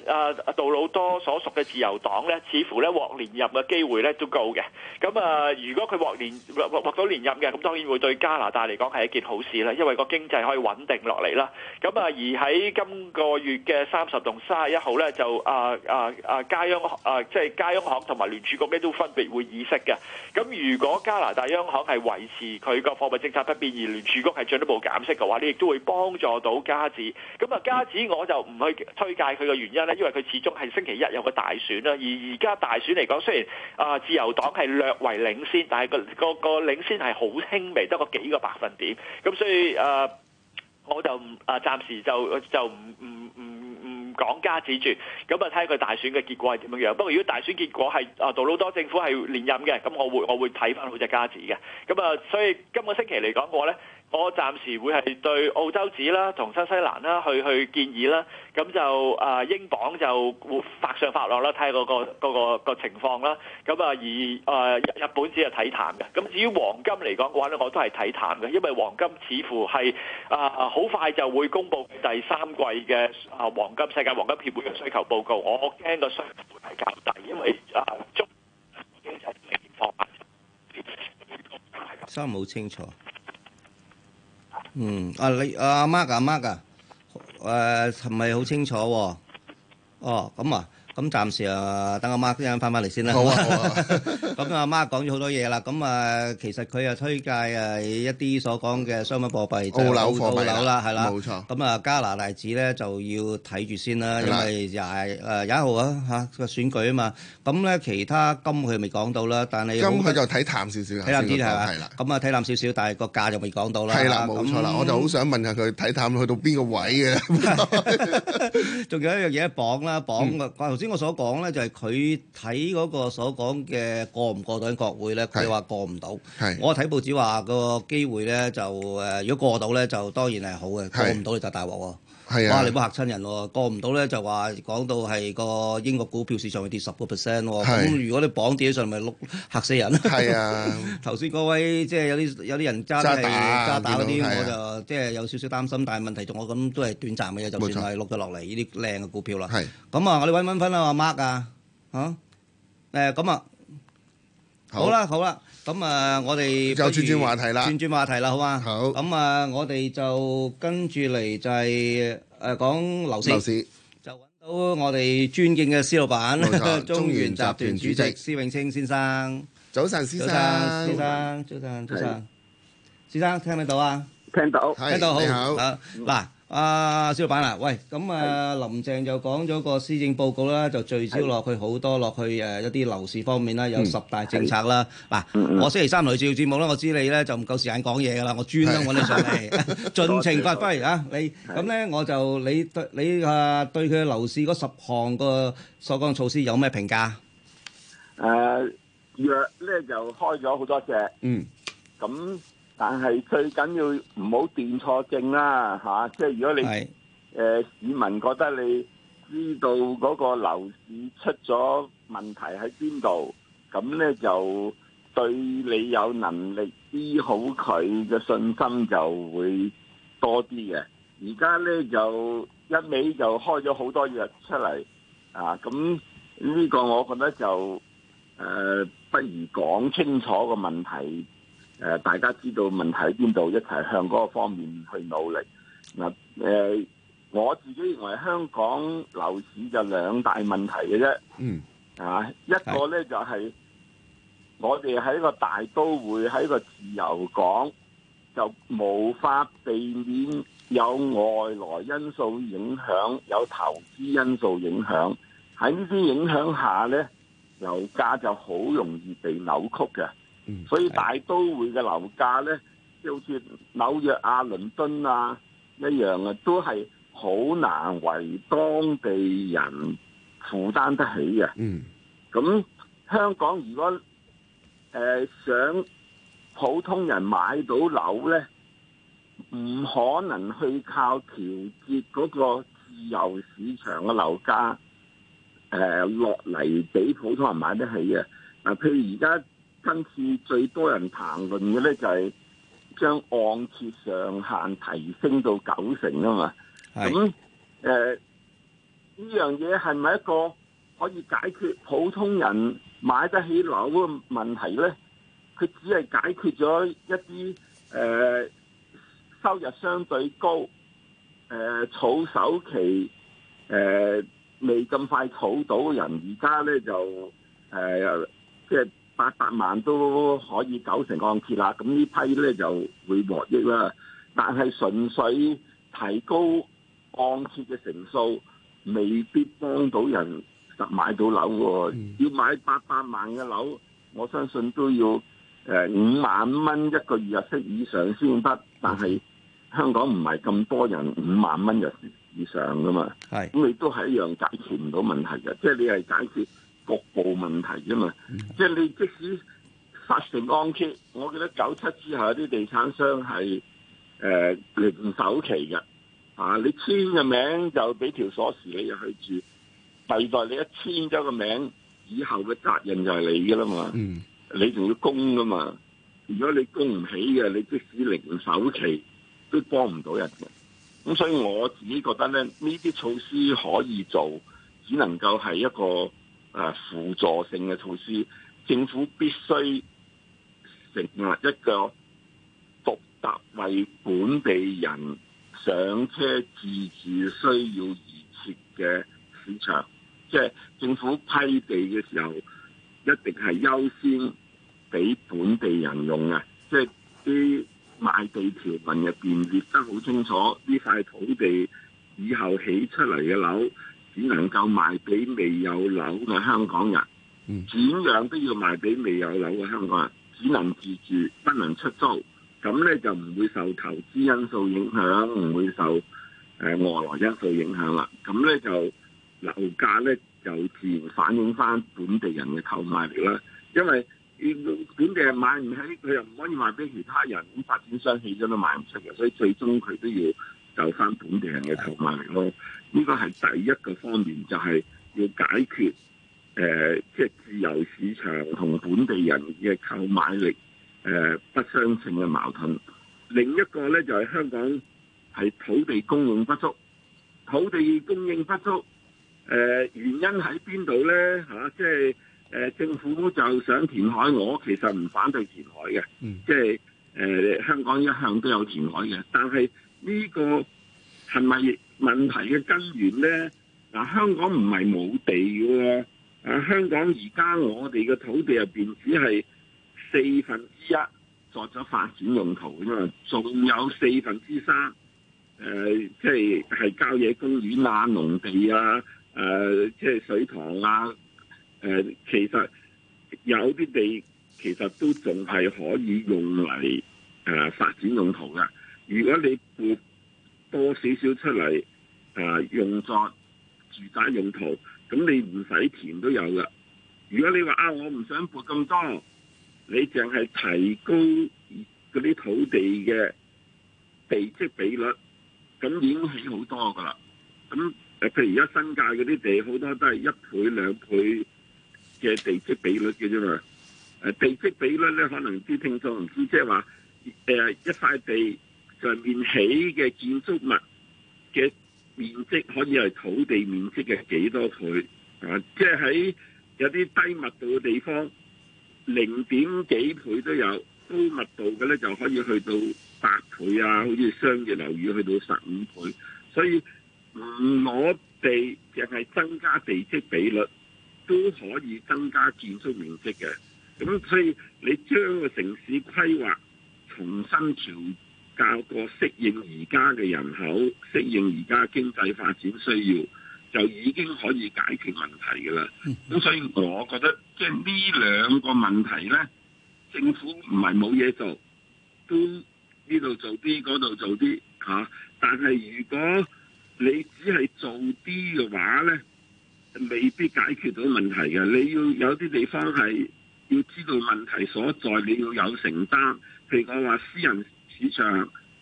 阿杜魯多所屬嘅自由黨咧，似乎咧獲連任嘅機會咧都高嘅。咁、嗯、啊，如果佢獲連獲到連任嘅，咁、嗯、當然會對加拿大嚟講係一件好事啦，因為個經濟可以穩定落嚟啦。咁、嗯、啊，而喺今個月嘅三十同三十一號咧，就啊啊啊，加央啊，即、就、係、是、加央行同埋聯儲局咧，都分別會議息嘅。咁、嗯、如果加拿大央行係維持佢個貨幣政策不變，而聯儲局係進一步減。嘅話，你亦都會幫助到加紙。咁啊，加紙我就唔去推介佢嘅原因呢，因為佢始終係星期一有個大選啦。而而家大選嚟講，雖然啊、呃、自由黨係略為領先，但係個個個領先係好輕微，得個幾個百分點。咁所以誒、呃，我就唔啊，暫時就就唔唔唔唔講加紙住。咁啊，睇下佢大選嘅結果係點樣樣。不過如果大選結果係啊杜魯多政府係連任嘅，咁我會我會睇翻好隻加紙嘅。咁啊，所以今個星期嚟講嘅話咧。我呢我暫時會係對澳洲紙啦、同新西蘭啦去去建議啦，咁就啊英鎊就發上發落啦，睇下、嗰個嗰、嗰個、嗰個情況啦。咁啊而啊日本紙係睇淡嘅。咁至於黃金嚟講嘅話呢，我都係睇淡嘅，因為黃金似乎係啊好快就會公布第三季嘅啊黃金世界黃金協會嘅需求報告，我驚個需求係較大，因為啊中三好清楚。嗯，啊你阿媽噶阿媽噶，誒、啊，係咪好清楚喎？哦，咁啊。咁暫時啊，等阿媽一陣翻翻嚟先啦。好啊！咁阿媽講咗好多嘢啦。咁啊，其實佢又推介誒一啲所講嘅商品貨幣、澳紐貨幣啦，係啦。冇錯。咁啊，加拿大紙咧就要睇住先啦，因為又係誒廿號啊嚇個選舉啊嘛。咁咧其他金佢未講到啦，但係金佢就睇淡少少，睇淡啲係嘛？係啦。咁啊，睇淡少少，但係個價就未講到啦。係啦，冇錯啦。我就好想問下佢睇淡去到邊個位嘅？仲有一樣嘢，綁啦，綁個。先我所講咧，就係佢睇嗰個所講嘅過唔過到喺國會咧，佢話是過唔到。是我睇報紙話個機會咧就誒、呃，如果過到咧就當然係好嘅，是過唔到你就大鑊喎。是啊、哇！你冇嚇親人喎，過唔到咧就話講到係個英國股票市場會跌十個 percent 咁如果你綁跌起上咪碌，就是、嚇死人。係是啊， 頭先嗰位即係有啲有啲人揸揸大啲，打打啊、我就即係有少少擔心。但係問題仲我咁都係短暫嘅嘢，就算係碌咗落嚟呢啲靚嘅股票啦。係咁是啊，啊，我哋揾揾分啊，阿 Mark 啊，嚇誒咁啊，好啦、啊、好啦。咁啊，我哋就轉轉話題啦，轉轉話題啦，好嘛？好。咁啊，我哋就跟住嚟就係誒講樓市。樓市就揾到我哋尊敬嘅施老闆，中原集團主席施永青先生。早晨，施先生，先生，早晨，早晨，施先生，聽唔聽到啊？聽到，聽到，好。嗱。啊，小老闆啦，喂，咁啊，林鄭就講咗個施政報告啦，就聚焦落去好多落去誒一啲樓市方面啦，有十大政策啦。嗱，我星期三來做節目啦，我知你咧就唔夠時間講嘢噶啦，我專登揾你上嚟，盡情發揮啊！你咁咧，我就你對你啊對佢樓市嗰十項個所講措施有咩評價？誒，約咧就開咗好多隻，嗯，咁。但係最緊要唔好斷錯症啦，吓、啊！即係如果你誒是、呃、市民覺得你知道嗰個樓市出咗問題喺邊度，咁咧就對你有能力醫好佢嘅信心就會多啲嘅。而家咧就一味就開咗好多藥出嚟啊！咁呢個我覺得就誒、呃，不如講清楚個問題。誒、呃，大家知道問題喺邊度，一齊向嗰個方面去努力。嗱，誒，我自己認為香港樓市就兩大問題嘅啫。嗯。啊，一個咧就係、是、我哋喺個大都會，喺個自由港，就無法避免有外來因素影響，有投資因素影響。喺呢啲影響下咧，油價就好容易被扭曲嘅。Mm. 所以大都會嘅樓價呢，就好似紐約啊、倫敦啊一樣啊，都係好難為當地人負擔得起嘅。嗯、mm.，咁香港如果誒、呃、想普通人買到樓呢，唔可能去靠調節嗰個自由市場嘅樓價誒落嚟俾普通人買得起嘅。嗱、呃，譬如而家。今次最多人談論嘅咧就係將按揭上限提升到九成啊嘛，咁誒呢樣嘢係咪一個可以解決普通人買得起樓嘅問題咧？佢只係解決咗一啲誒、呃、收入相對高、誒、呃、儲首期、誒未咁快儲到嘅人，而家咧就誒、呃、即係。八百萬都可以九成按揭啦，咁呢批呢就會獲益啦。但係純粹提高按揭嘅成數，未必幫到人買到樓喎、哦。嗯、要買八百萬嘅樓，我相信都要誒五、呃、萬蚊一個月入息以上先得。但係香港唔係咁多人，五萬蚊月入息以上噶嘛。係咁是，你都係一樣解決唔到問題嘅，即係你係解決。局部問題啫嘛， 即係你即使發成按揭，我記得九七之後啲地產商係誒、呃、零首期嘅，啊你簽嘅名就俾條鎖匙你入去住，弊在你一簽咗個名，以後嘅責任就係你噶啦嘛， 你仲要供噶嘛，如果你供唔起嘅，你即使零首期都幫唔到人嘅，咁所以我自己覺得咧，呢啲措施可以做，只能夠係一個。啊！輔助性嘅措施，政府必須成立一個獨特為本地人上車自住需要而設嘅市場，即係政府批地嘅時候，一定係優先俾本地人用啊！即係啲賣地條文入邊列得好清楚，呢塊土地以後起出嚟嘅樓。只能夠賣俾未有樓嘅香港人，轉讓、嗯、都要賣俾未有樓嘅香港人，只能自住，不能出租。咁呢就唔會受投資因素影響，唔會受誒外來因素影響啦。咁呢就樓價呢，就自然反映翻本地人嘅購買力啦。因為本地人買唔起，佢又唔可以賣俾其他人，咁發展商起咗都賣唔出嘅，所以最終佢都要就翻本地人嘅購買力咯，呢、這個係第一個方面，就係、是、要解決誒，即、呃、係、就是、自由市場同本地人嘅購買力誒、呃、不相稱嘅矛盾。另一個咧就係、是、香港係土地供應不足，土地供應不足誒、呃、原因喺邊度咧嚇？即係誒政府就想填海，我其實唔反對填海嘅，即係誒香港一向都有填海嘅，但係。呢個係咪問題嘅根源咧？嗱，香港唔係冇地嘅，啊，香港而家我哋嘅土地入邊只係四分之一作咗發展用途噶嘛，仲有四分之三，誒、呃，即係係郊野公園啊、農地啊、誒、呃，即係水塘啊，誒、呃，其實有啲地其實都仲係可以用嚟誒、呃發展用途嘅。如果你撥多少少出嚟，啊用作住宅用途，咁你唔使填都有噶。如果你話啊，我唔想撥咁多，你淨係提高嗰啲土地嘅地積比率，咁已經起好多噶啦。咁誒，譬如而家新界嗰啲地，好多都係一倍、兩倍嘅地積比率嘅啫嘛。誒、啊，地積比率咧，可能啲聽眾唔知，即係話誒一塊地。上面起嘅建築物嘅面積可以係土地面積嘅幾多倍啊？即係喺有啲低密度嘅地方，零點幾倍都有；高密度嘅咧就可以去到百倍啊！好似商業樓宇去到十五倍，所以唔攞地，淨係增加地積比率都可以增加建築面積嘅。咁所以你將個城市規劃重新調教過適應而家嘅人口，適應而家經濟發展需要，就已經可以解決問題噶啦。咁 所以，我覺得即係呢兩個問題呢，政府唔係冇嘢做，都呢度做啲，嗰度做啲嚇、啊。但係如果你只係做啲嘅話呢，未必解決到問題嘅。你要有啲地方係要知道問題所在，你要有承擔。譬如講話私人市場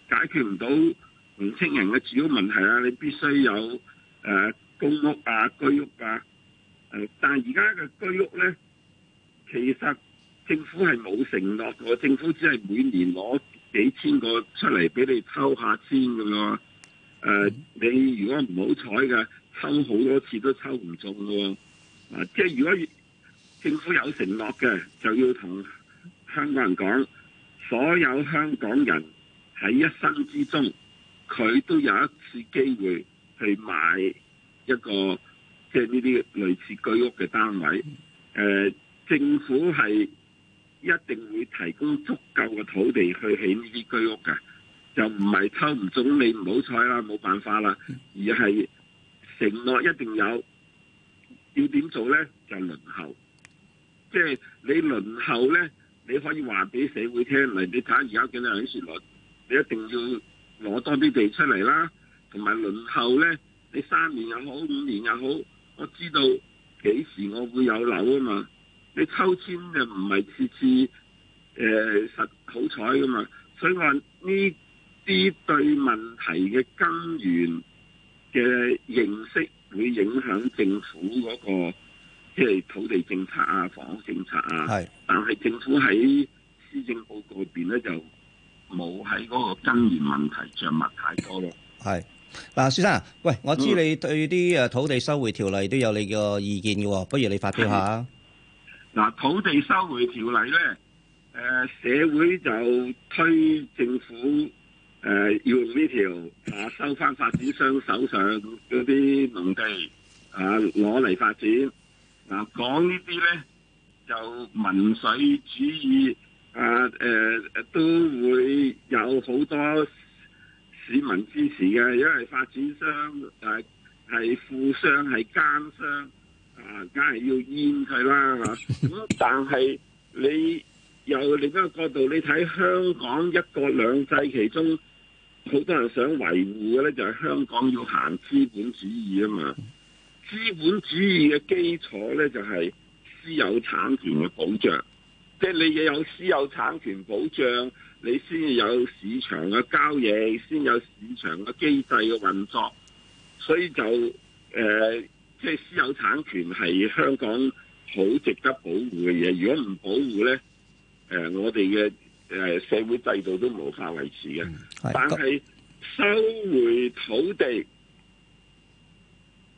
解決唔到年輕人嘅住屋問題啦，你必須有誒、呃、公屋啊、居屋啊。誒、呃，但係而家嘅居屋咧，其實政府係冇承諾嘅，政府只係每年攞幾千個出嚟俾你抽下先嘅喎。誒、呃，你如果唔好彩㗎，抽好多次都抽唔中㗎喎。啊、呃，即係如果政府有承諾嘅，就要同香港人講。所有香港人喺一生之中，佢都有一次機會去買一個即係呢啲類似居屋嘅單位。呃，政府係一定會提供足夠嘅土地去起呢啲居屋嘅，就唔係抽唔中你唔好彩啦，冇辦法啦，而係承諾一定有，要點做咧，就輪候。即係你輪候咧。你可以話俾社會聽，嚟你睇下而家幾多人喺市內，你一定要攞多啲地出嚟啦。同埋輪候呢，你三年又好，五年又好，我知道幾時我會有樓啊嘛。你抽籤就唔係次次誒、呃、實好彩噶嘛，所以我話呢啲對問題嘅根源嘅認識會影響政府嗰、那個。即係土地政策啊，房屋政策啊，係是，但係政府喺施政報告入邊咧，就冇喺嗰個根源問題著墨太多咯。係，嗱、啊，先生，喂，我知你對啲誒土地收回條例都有你個意見嘅，嗯、不如你發表下嗱、啊，土地收回條例咧，誒，社會就推政府誒、呃、要用呢條啊收翻發展商手上嗰啲農地 啊，攞嚟發展。嗱，講呢啲呢，就民粹主義啊，誒、呃、都會有好多市民支持嘅，因為發展商誒係、啊、富商係奸商啊，梗係要閹佢啦咁 但係你由另一個角度你睇香港一國兩制，其中好多人想維護嘅呢，就係香港要行資本主義啊嘛。資本主義嘅基礎呢，就係私有產權嘅保障，即係你要有私有產權保障，你先有市場嘅交易，先有市場嘅機制嘅運作。所以就誒，即係私有產權係香港好值得保護嘅嘢。如果唔保護呢，誒我哋嘅誒社會制度都無法維持嘅。但係收回土地。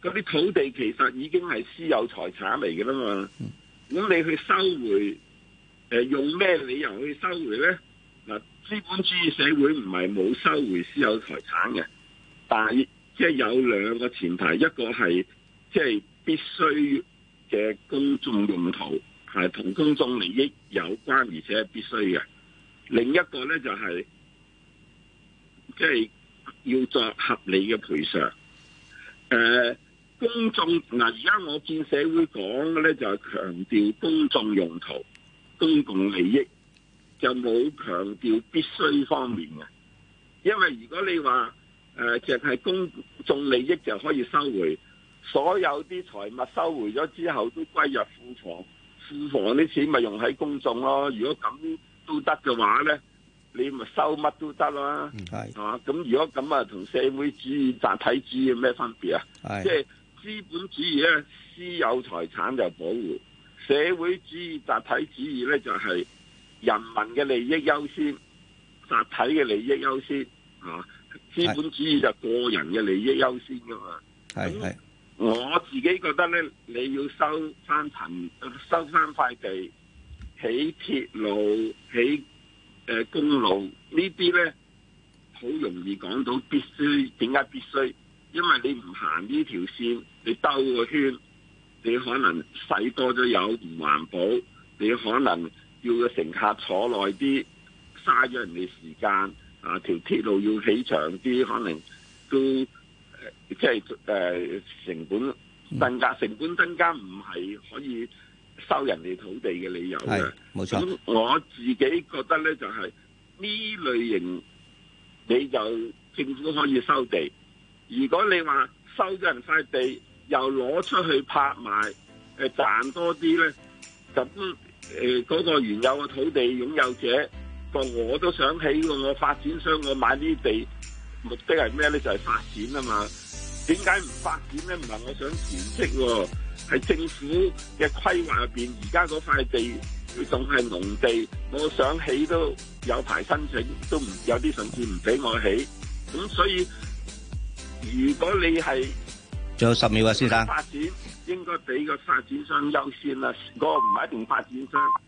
嗰啲土地其實已經係私有財產嚟嘅啦嘛，咁你去收回，誒用咩理由去收回咧？嗱，資本主義社會唔係冇收回私有財產嘅，但係即係有兩個前提，一個係即係必須嘅公眾用途係同公眾利益有關，而且係必須嘅。另一個咧就係即係要作合理嘅賠償，誒、呃。公眾嗱，而家我見社會講嘅咧就係強調公眾用途、公共利益，就冇強調必須方面嘅。因為如果你話誒，淨、呃、係公眾利益就可以收回所有啲財物，收回咗之後都歸入庫房，庫房啲錢咪用喺公眾咯。如果咁都得嘅話咧，你咪收乜都得啦。係啊，咁是、啊、如果咁啊，同社會主義集體主義有咩分別啊？是即係。資本主義咧，私有財產就保護；社會主義集體主義咧，就係、是、人民嘅利益優先，集體嘅利益優先。吓、啊，資本主義就個人嘅利益優先噶嘛。係系，我自己覺得咧，你要收翻層，收翻塊地，起鐵路，起誒公路呢啲咧，好容易講到必須，點解必須？因為你唔行呢條綫，你兜個圈，你可能使多咗油，唔環保；你可能要個乘客坐耐啲，嘥咗人哋時間。啊，條鐵路要起長啲，可能都即係誒成本增加，嗯、成本增加唔係可以收人哋土地嘅理由嘅。係，冇錯。咁我自己覺得咧，就係呢類型，你就政府可以收地。如果你話收咗人塊地，又攞出去拍賣，誒賺多啲咧，咁誒嗰個原有嘅土地擁有者，話我都想起喎，我發展商我買呢啲地，目的係咩咧？就係發展啊嘛。點解唔發展咧？唔係我想囤積喎，係政府嘅規劃入邊，而家嗰塊地仲係農地，我想起都有排申請，都唔有啲甚至唔俾我起，咁所以。如果你係仲有十秒啊，先生。發展應該俾個發展商優先啦，嗰個唔係一定發展商。